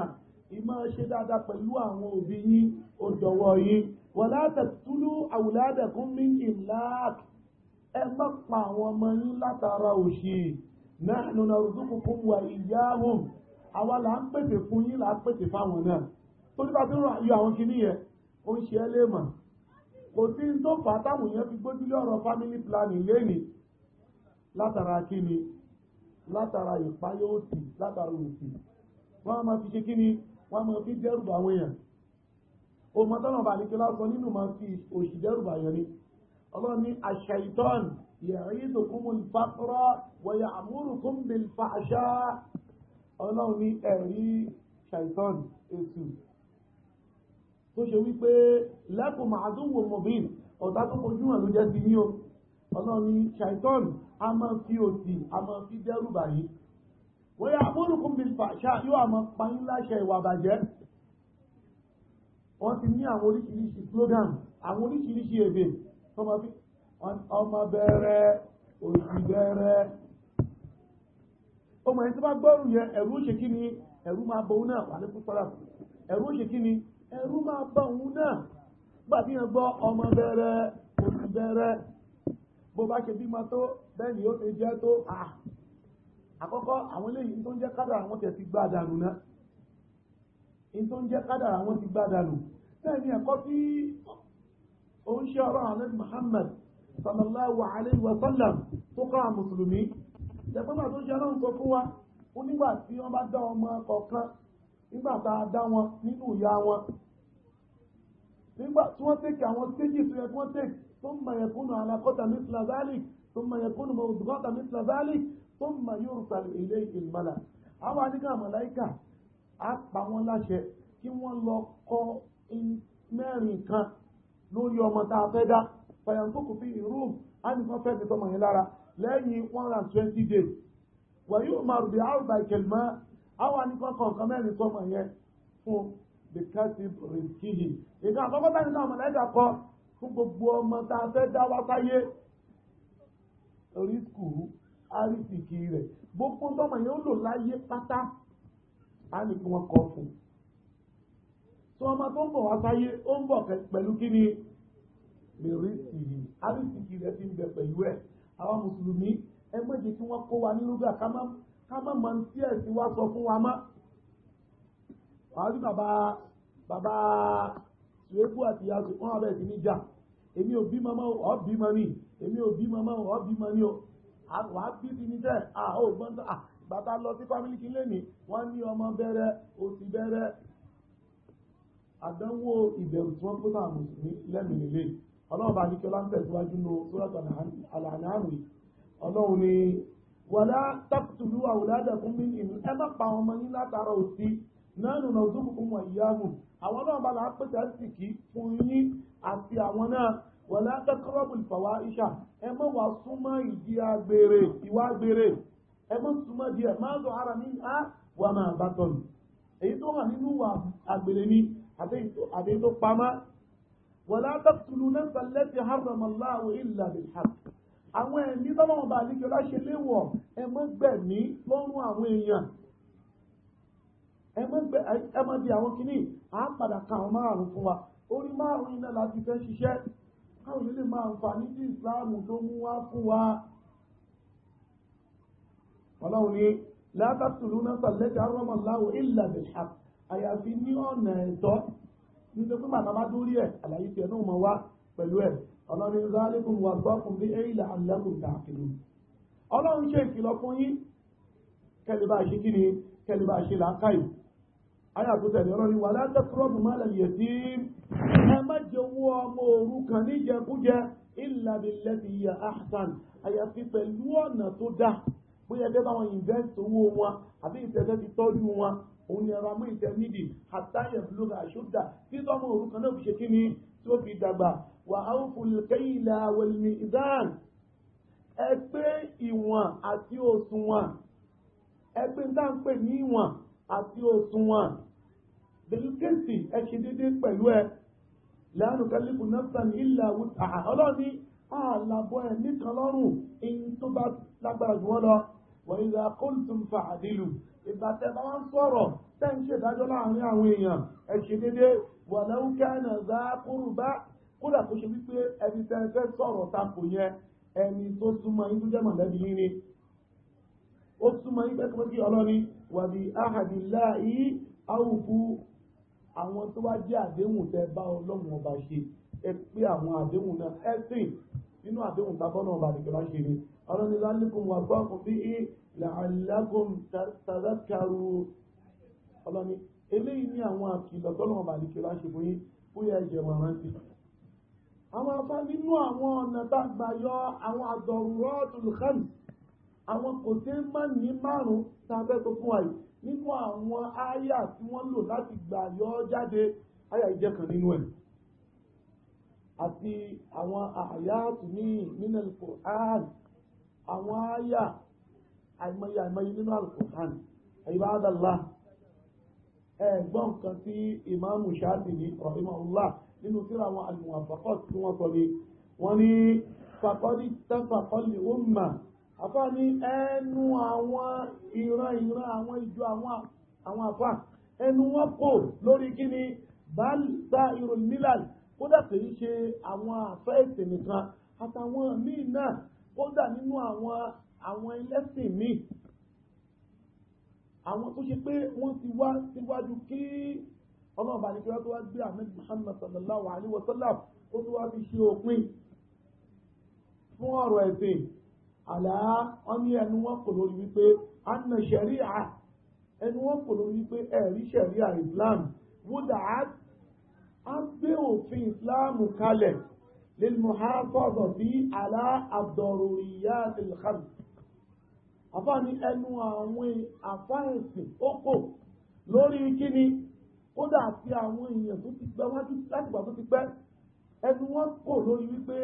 ìmá ṣe dáadáa pẹ̀lú àwọn òbí yín ó dọ̀wọ́ yín wala taqtulu tó nígbà tó rà yọ àwọn kìíní yẹn ó ń ṣe ẹ́ léèmọ̀ kò sí ní tó fà á táwọn yẹn fi gbójúlé ọ̀rọ̀ family planning lẹ́nìí látara kíni látara ìpáyé òtì látara òtì wọ́n máa fi ṣe kíni wọ́n máa fi dẹ́rùbà àwọn èèyàn ọmọ tọ́nà bá ní kí nínú máa fi òṣì dẹ́rùbà yẹn ni ọlọ́run ní aṣàìtọ́n yẹ̀rídòkúnmù ìfàkọ́rọ́ wọ̀yà àmúrùkún bìlfàṣá ọlọ́run ní ẹ̀rí ṣàìtọ́n èsù tó ṣe wípé lakum aduwwun mubin ọ̀tá tó fojú hàn ló jẹ́ ti yín o ọlọ́run ní shaitan a máa fi òsì a máa fi dẹ́rù bàyí wa ya'murukum bil fahsha yóò àmọ́ payín láṣẹ ìwà bàjẹ́ wọ́n ti ní àwọn oríṣiríṣi slogan àwọn oríṣiríṣi èdè ọmọ bẹ̀rẹ̀ òsì bẹ̀rẹ̀ ọmọ ẹni tó bá gbọ́rù yẹ ẹ̀rú ṣe kí ni ẹ̀rú máa bọ̀ náà wà ní púpọ̀ ẹ̀rú ṣe kí ni ẹ̀rú máa bá òun náà gbàbí yẹn gbọ́ ọmọ bẹ̀rẹ̀ oṣù bẹ̀rẹ̀ bó bá ṣe bímọ tó bẹ́ẹ̀ ni ó ti jẹ́ tó à àkọ́kọ́ àwọn eléyìí tó ń jẹ́ kádàrà wọn ti gbá dànù náà in tó ń jẹ́ kádàrà wọn ti gbá dànù bẹ́ẹ̀ ni ẹ̀kọ́ tí ó ń ṣe ọ̀rọ̀ àwọn Muhammad sallallahu alayhi wa sallam tó kọ́ àwọn mùsùlùmí ìjẹ́pẹ́gbà tó ṣe ọlọ́run sọ fún wa fún nígbà tí wọ́n bá dá ọmọ kọ̀ọ̀kan nígbà tá a dá wọn nínú ìyá wọn nígbà tí wọ́n tẹ̀kì àwọn stéjì tó yẹ kí wọ́n tẹ̀kì tó ń mayẹ̀ kúnnù alákọ́ta ní tlazaalik tó ń mayẹ̀ kúnnù mọ̀ọ́dúgọ́ta ní tlazaalik tó ń mayẹ̀ òrùsàlù ilé ìlmàlà àwọn àdìgá màláìkà á pa wọ́n láṣẹ kí wọ́n one and twenty days wàyí ò máa rùbí àwọn ìbàkẹ̀lmọ́ àwọn àdìgá kọ̀ọ̀kan mẹ́rin tọmọ yẹn fún bìkẹ́sì rìkìhì ìdá àkọ́kọ́ táyì náà mọ̀lẹ́kà kọ fún gbogbo ọmọ tá a fẹ́ dá wá sáyé rísíkù àrísìkì rẹ̀ gbogbo tọ́mọ yẹn ó lò láyé pátá á ní kí wọ́n kọ fún tó ọmọ tó ń bọ̀ wá sáyé ó ń bọ̀ pẹ̀lú kí ni rísìkì àrísìkì rẹ̀ ti ń bẹ pẹ̀lú ẹ̀ àwọn mùsùlùmí ẹgbẹ́ jẹ́ kí wọ́n kó wa ní lúgà ká má mọ tí ẹ̀sìn wá sọ fún wa mọ́. wàá bàbá bàbá bàbá suwébù àti ìyá wọn ti níjà èmi ò bí mọ́mọ́ ò bí mọ́ èmi ò bí mọ́mọ́ bí o wàá bí lọ sí fámìlì kí wọ́n ní ọmọ bẹ̀rẹ̀ òsì bẹ̀rẹ̀ àdánwò ìbẹ̀rù tí wọ́n mùsùlùmí nílé ọlọ́run bá ní kí tẹ̀síwájú sóràtọ̀ ọlọ́run wàlá nánú náà tó kún wọn ìyá mu àwọn náà bá láà pèsè àsìkí fún yín àti àwọn náà wọlé akẹkọọbù ìfàwà ìṣà ẹ mọ wàá súnmọ́ ìdí agbèrè ìwà agbèrè ẹ mọ súnmọ́ díẹ̀ máa dọ ara ní á wà máa bá tọnu èyí tó wà nínú wà agbèrè ni àbí tó pamọ́ wọlé akẹkọọbù náà sàlẹ́tì hàrọ̀mọ́láwò ìlà bìhàk àwọn ẹ̀mí tọ́lọ́mọba àlejò láṣẹ léwọ̀ ẹ mọ́ gbẹ̀mí lọ́rùn àwọn èèyàn ẹ má bí àwọn kìíní à á padà ka àwọn márùn fún wa orí márùn iná láti fẹ́ ṣiṣẹ́ káwọn yìí lè máa ń fa ní tí ìsìláàmù tó mú wá fún wa. ọlọ́run ni látàtúlù náà sàlẹ́tì arọ́mọláwò ìlànà àyàfi ní ọ̀nà ẹ̀tọ́ nítorí pé màmá bá dórí ẹ̀ àlàyé tiẹ̀ náà mọ̀ wá pẹ̀lú ẹ̀ ọlọ́run zálẹ́kùn wà gbọ́kùn bí ẹ̀yìnlá àlẹ́kùn dàkìlù ọlọ́run ṣe ìkìlọ̀ fún yín kẹ́lẹ́ bá ṣe kí kẹ́lẹ́ bá ṣe làákàyè ayé àtúntẹ̀lẹ̀ ọ̀rọ̀ ni wà látẹ́kùrọ́bù má lẹ̀ yẹ̀ tí ẹ má jẹ owó ọmọ òrukàn níjẹkújẹ ìlàbílẹ́bí yẹ ahsan àyàfi pẹ̀lú ọ̀nà tó dá bóyá ẹgbẹ́ báwọn invest owó wọn àbí ìtẹ́fẹ́ ti tọ́jú wọn òun ni ẹ̀rọ amú ìtẹ́ nídì àtàyẹ̀ blóga àṣódà tí tọ́mọ òrukàn náà fi ṣe kí ni tí ó fi dàgbà wà á ń fún kẹ́yìnlá wẹ̀lmí ìdán ẹ ìwọ̀n àti òṣùwọ̀n ẹ ń tá ń pè ní ìwọ̀n àti òṣùwọ̀n bìlìkẹ́sì ẹ ṣe déédéé pẹ̀lú ẹ lẹ́nu kẹ́lífù nafsan illa wus'aha ọlọ́ọ̀ni àlàbọ̀ ẹ̀ nìkan lọ́rùn ẹ̀yìn tó bá lágbára jù wọ́n lọ wa idha qultum fa'dilu ìgbà tẹ́ bá wọ́n sọ̀rọ̀ tẹ́ ń ṣèdájọ́ láàrin àwọn èèyàn ẹ ṣe déédéé walau kana dha kódà tó ṣe wípé ẹni tẹ́ ẹ fẹ́ sọ̀rọ̀ yẹn ẹni tó súnmọ́ yín tó jẹ́ mọ̀lẹ́bí yín ni ó súnmọ́ yín pẹ́kọ́pẹ́kí ọlọ́ni wàbí ahàdìlá yìí áwùfù àwọn tó wá jẹ́ àdéhùn tẹ bá ọlọ́run ọba ṣe ẹ pé àwọn àdéhùn náà ẹ sìn nínú àdéhùn tábọ́nà ọba àdìgbà ṣe ni ọlọ́run ní lálẹ́kùn wà gbọ́ bí i làálàkùn tàdákàrú ọlọ́run ní eléyìí ní àwọn àkìlọ̀ tọ́nà ọba àdìgbà ṣe fún yín fún ẹ̀jẹ̀ wọn rántí. àwọn afá nínú àwọn ọ̀nà tá gbà yọ àwọn àdọ̀rùrọ̀ ọ̀tún àwọn kò tẹ́ márùn-ún sábẹ́ tó fún wa yìí nínú àwọn áyà tí wọ́n lò láti gbà yọ jáde áyà ìjẹ́ kan nínú ẹ̀ àti àwọn àyà tùmí nínú alukur'an àwọn áyà àìmọye àìmọye nínú alukur'an àyíbáadàlá ẹ̀gbọ́n kan tí ìmáàmù Ṣáfi'í rahimahullah nínú tírà àwọn al-Muwafaqat tí wọ́n kọ́ ni wọ́n ní fàkọ́dí tẹ́fàkọ́lì ó mà àfá ní ẹnu àwọn ìran ìran àwọn ìjọ àwọn àfá ẹnu wọn kò lórí kí ni bá irun nílàl kódà kìí ṣe àwọn àfá ẹ̀sìn nìkan àtàwọn míì náà kódà nínú àwọn àwọn ẹlẹ́sìn míì àwọn tó ṣe pé wọ́n ti wá síwájú kí ọlọ́run bá ní kí wọ́n tó wá gbé ahmed muhammad sallallahu alayhi wa sallam ó tó wá fi ṣe òpin fún ọ̀rọ̀ ẹ̀sìn àlá wọn ní ẹnu wọn kò lórí wípé anna sharia ẹnu wọn kò lórí wípé ẹ̀rí sharia islam wúdà á gbé òfin islam kalẹ̀ lilmuhafazati ala ad-daruriyatil khams àfá ní ẹnu àwọn àfá ẹ̀sìn ó kò lórí kíni kódà àti àwọn èèyàn tó ti gbẹ wájú láti gbà tó ti pẹ́ ẹnu wọn kò lórí wípé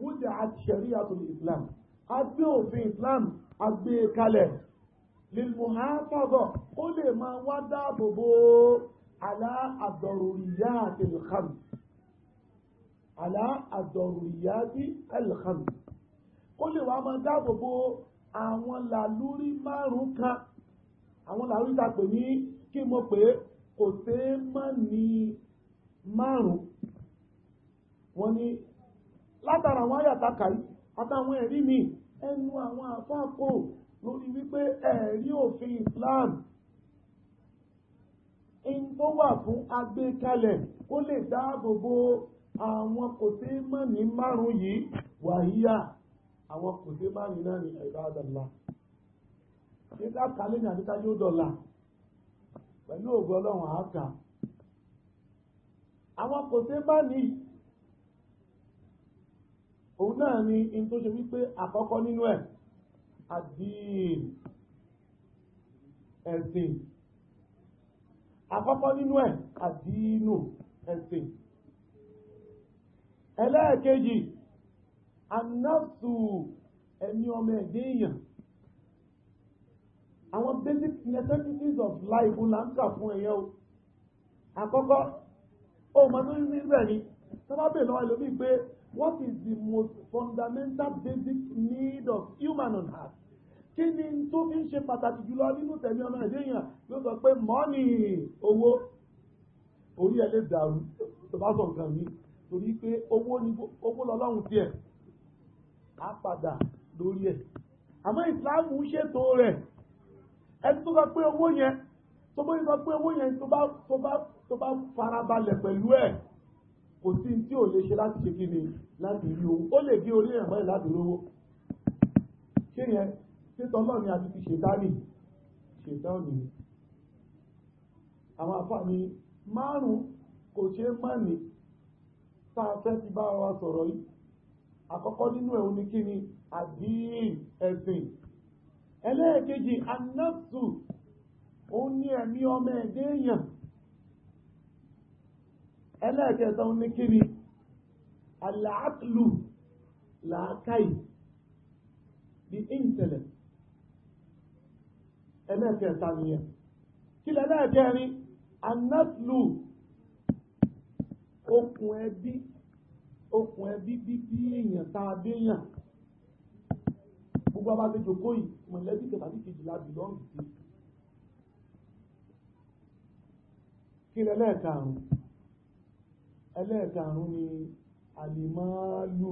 wúdà àti sharia tó ní islam a gbé òfin Islam a gbé e kalẹ̀ lilmuhafaza ó lè máa wá dáàbò bo àlá ad-daruriyati al-khams àlá ad-daruriyati al-khams ó lè wá máa dáàbò bo àwọn làlúrí márùn kan àwọn làlúrí ta pè ní kí mo pè é kò sé mọ́ ní márùn-ún wọ́n látara àwọn àyàtà kàyí àtàwọn ẹ̀rí mi ẹnu àwọn àfáàkò lórí wípé ẹ̀rí òfin Islam in tó wà fún agbékalẹ̀ ó lè dáàbò bo àwọn kò sí mọ́ ní márùn-ún yìí wàhíyà àwọn kò sí márùn-ún náà ní ẹ̀rọ àdàlà nígbà kalẹ̀ ní àdíta yóò dọ̀la pẹ̀lú ògbọ́lọ́wọ̀n àákà àwọn kò sí márùn-ún òun náà ni in tó ṣe wípé àkọ́kọ́ nínú ẹ̀ àdìín ẹ̀sìn àkọ́kọ́ nínú ẹ̀ àdínú ẹ̀sìn ẹlẹ́ẹ̀kejì anáfsù ẹni ọmọ ẹ̀dẹ́ èèyàn àwọn basic necessities of life la ń kà fún ẹ̀yẹ́ o àkọ́kọ́ o mọ̀ tó ní bẹ̀rẹ̀ ni tọ́bá bèèrè lọ́wọ́ ẹlòmí pé What is the most fundamental basic need of human on earth? Kí ni tó fi ń ṣe pàtàkì jùlọ nínú tẹ̀mí ọmọ ẹ̀dẹ́ yẹn ló sọ pé mọ́nì owó orí ẹ̀ lè dàrú tó bá sọ nǹkan mi torí pé owó ni owó lọ́lọ́run tiẹ̀ á padà lórí ẹ̀. Àmọ́ ìsìláàmù ń ṣètò rẹ̀ ẹni tó sọ pé owó yẹn tó bóyá sọ pé owó yẹn tó bá farabalẹ̀ pẹ̀lú ẹ̀ kò sí tí ò lè ṣe láti ṣe kí ni láti rí owó ó lè gé orí ẹ̀mọ́ ẹ̀ láti rówó ṣé yẹn títọ́ náà ni àti fi ṣètánì ṣètánì ni àwọn àfààní márùn-ún kò ṣe é má ní tá a fẹ́ ti bá wa sọ̀rọ̀ yìí àkọ́kọ́ nínú ẹ̀hún ni kí ni àdín ẹ̀sìn ẹlẹ́ẹ̀kejì anásù òun ní ẹ̀mí ọmọ ẹ̀dẹ́ èèyàn ẹlẹ́ẹ̀kẹta ní kíni aláàkìlù làákàyè the intellect ẹlẹ́ẹ̀kẹta nìyẹn kí lẹ́lẹ́ẹ̀kẹrin anáàkìlù okùn ẹbí okùn ẹbí bíbí èèyàn tá a béèyàn gbogbo abájọ jòkó yìí mọ̀lẹ́bí kẹta ní kejìlá bìlọ́ọ̀nù sí kí lẹ́lẹ́ẹ̀karùn-ún ẹlẹ́ẹ̀karùn ni alìmọ́lù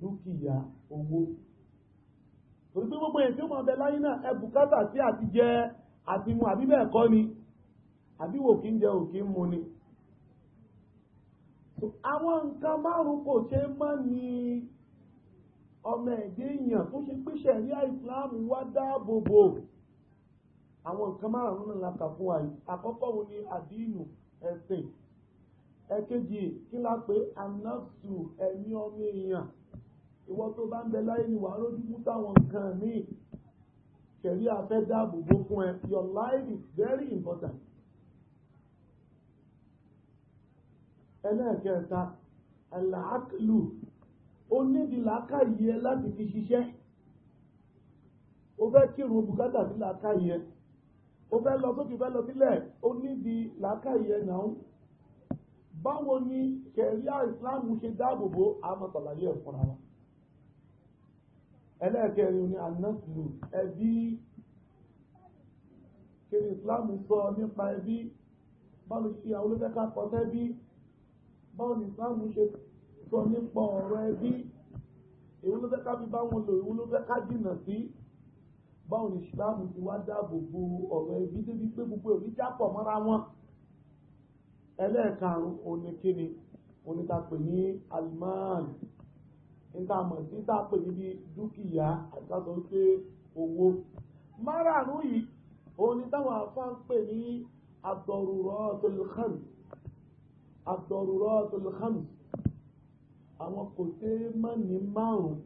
dúkìá owó torí pé gbogbo èyí tí ó mọ̀ ọ̀bẹ̀ láyé náà ẹ bùkátà sí àti jẹ àti mu àbí bẹ́ẹ̀ ni àbí wò kí ń jẹ òkè ń mu ni àwọn nǹkan márùn kò ṣe mọ́ ni ọmọ ẹ̀dẹ́ èèyàn tó ṣe pé ṣẹ̀ríà Islam wá dáàbò bò àwọn nǹkan márùn náà la fún wa yìí àkọ́kọ́ wo ni àdínù ẹ̀sìn ẹ̀kejì kí la pé anafsu ẹ̀mí ọmọ èèyàn ìwọ tó bá ń bẹ láyé ni wàá rójú mú táwọn nǹkan míì kẹ̀rí afẹ́ dáàbò bó fún ẹ your life is very important. ẹlẹ́ẹ̀kẹta àlàákìlù ó nídi làákàyè ẹ láti fi ṣiṣẹ́ ó fẹ́ kírun bùkátà sí làákàyè ó fẹ́ lọ sókè fẹ́ lọ sílẹ̀ ó nídi làákàyè náà báwo ni ṣẹ̀ríà islam ṣe dáàbòbò àmọ́sàlàyé ẹ̀ fúnra wa ẹlẹ́ẹ̀kẹrin ni anasiru ẹbí kiri islam sọ nípa ẹbí báwo ni ìyàwó ló fẹ́ ká kọ́ sẹ́bí báwo ni islam ṣe sọ nípa ọ̀rọ̀ ẹbí èwo ló fẹ́ ká fi bá wọn lò èwo ló fẹ́ ká dìnà sí báwo ni islam ti wá dáàbòbò ọ̀rọ̀ ẹbí débi pé gbogbo ẹ̀ jápọ̀ mọ́ra wọn ẹlẹ́ẹ̀karùn oníkíni onítàpè ní alman ìtàmọ̀ tí tàpè níbi dúkìá àtàtọ̀ pé owó márààrún yìí òní táwọn afá ń pè ní ad-daruratul khams ad-daruratul khams àwọn kò tẹ́ mọ́ni márùn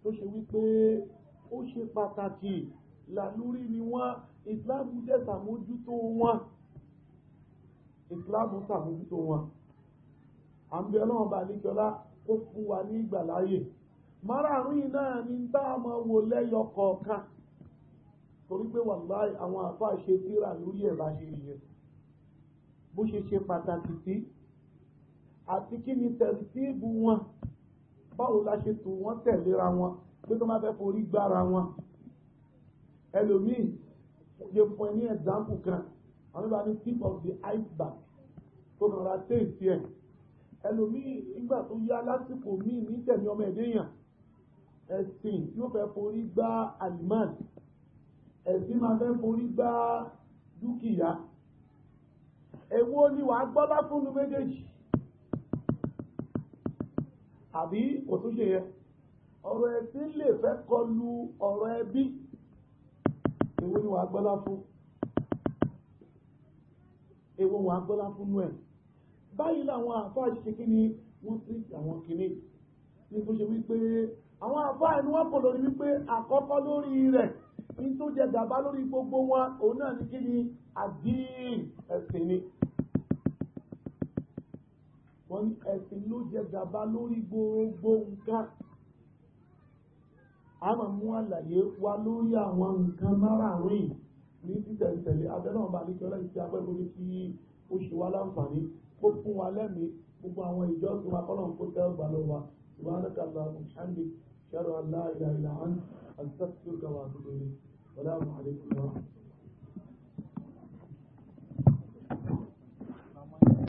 tó ṣe wípé ó ṣe pàtàkì làlúrí ni wọ́n ìsìláàmù jẹ́ sàmójútó wọn ìsìláàmù sàmójútó wọn à ń bẹ ọlọ́run bá níjọlá kó fún wa ní ìgbàláyè márààrún yìí náà ni ń bá ọmọ wo lẹ́yọ kọ̀ọ̀kan torí pé wàláì àwọn àfa ṣe tíra lórí ẹ̀ bá ṣe yẹ bó ṣe ṣe pàtàkì sí àti kí ni tẹ̀síìbù wọn báwo la ṣe tò wọ́n tẹ̀léra wọn pé tó má fẹ́ forí gbára wọn ẹlòmíì ṣe fún ẹ ní ẹ̀dáǹpù kan àwọn ìbáni tip of the iceberg tó nara téèntì ẹ̀ ẹlòmíì nígbà tó yá lásìkò míì ní tẹ̀mí ọmọ ẹ̀dẹ́yàn ẹ̀sìn tí ó fẹ́ forí gbá alimán ẹ̀sìn máa fẹ́ forí gbá dúkìá èwo ni wàá gbọ́ bá fún mi méjèèjì àbí kò tún ṣe yẹ ọ̀rọ̀ ẹ̀sìn lè fẹ́ kọlu ọ̀rọ̀ ẹbí èwo ni wàá gbọ́lá fún èwo wàá gbọ́lá fún nú ẹ̀ báyìí làwọn àfáà ṣe kí ni wọ́n ti àwọn kìíní ní tó ṣe wípé àwọn àfáà ẹnu wọn kò lórí wípé àkọ́kọ́ lórí rẹ̀ ní tó jẹ gàba lórí gbogbo wọn òun náà ní kí ni àdín ẹ̀sìn ni wọ́n ní ẹ̀sìn ló jẹ gàba lórí gbogbo nǹkan a máa mú àlàyé wa lórí àwọn nǹkan márààrún ní títẹ̀ntẹ̀lé abẹ́rẹ́ ọ̀bà àlejò ọlọ́run abẹ́rẹ́ orí tí ó ṣe wá láǹfààní kó fún wa lẹ́mìí gbogbo àwọn ìjọ tó wa kọ́lọ̀ kó tẹ́ ọgbà ló wa subhanaka allahumma hamdi shahadu an la ilaha illa anta astaghfiruka wa atubu ilayk wa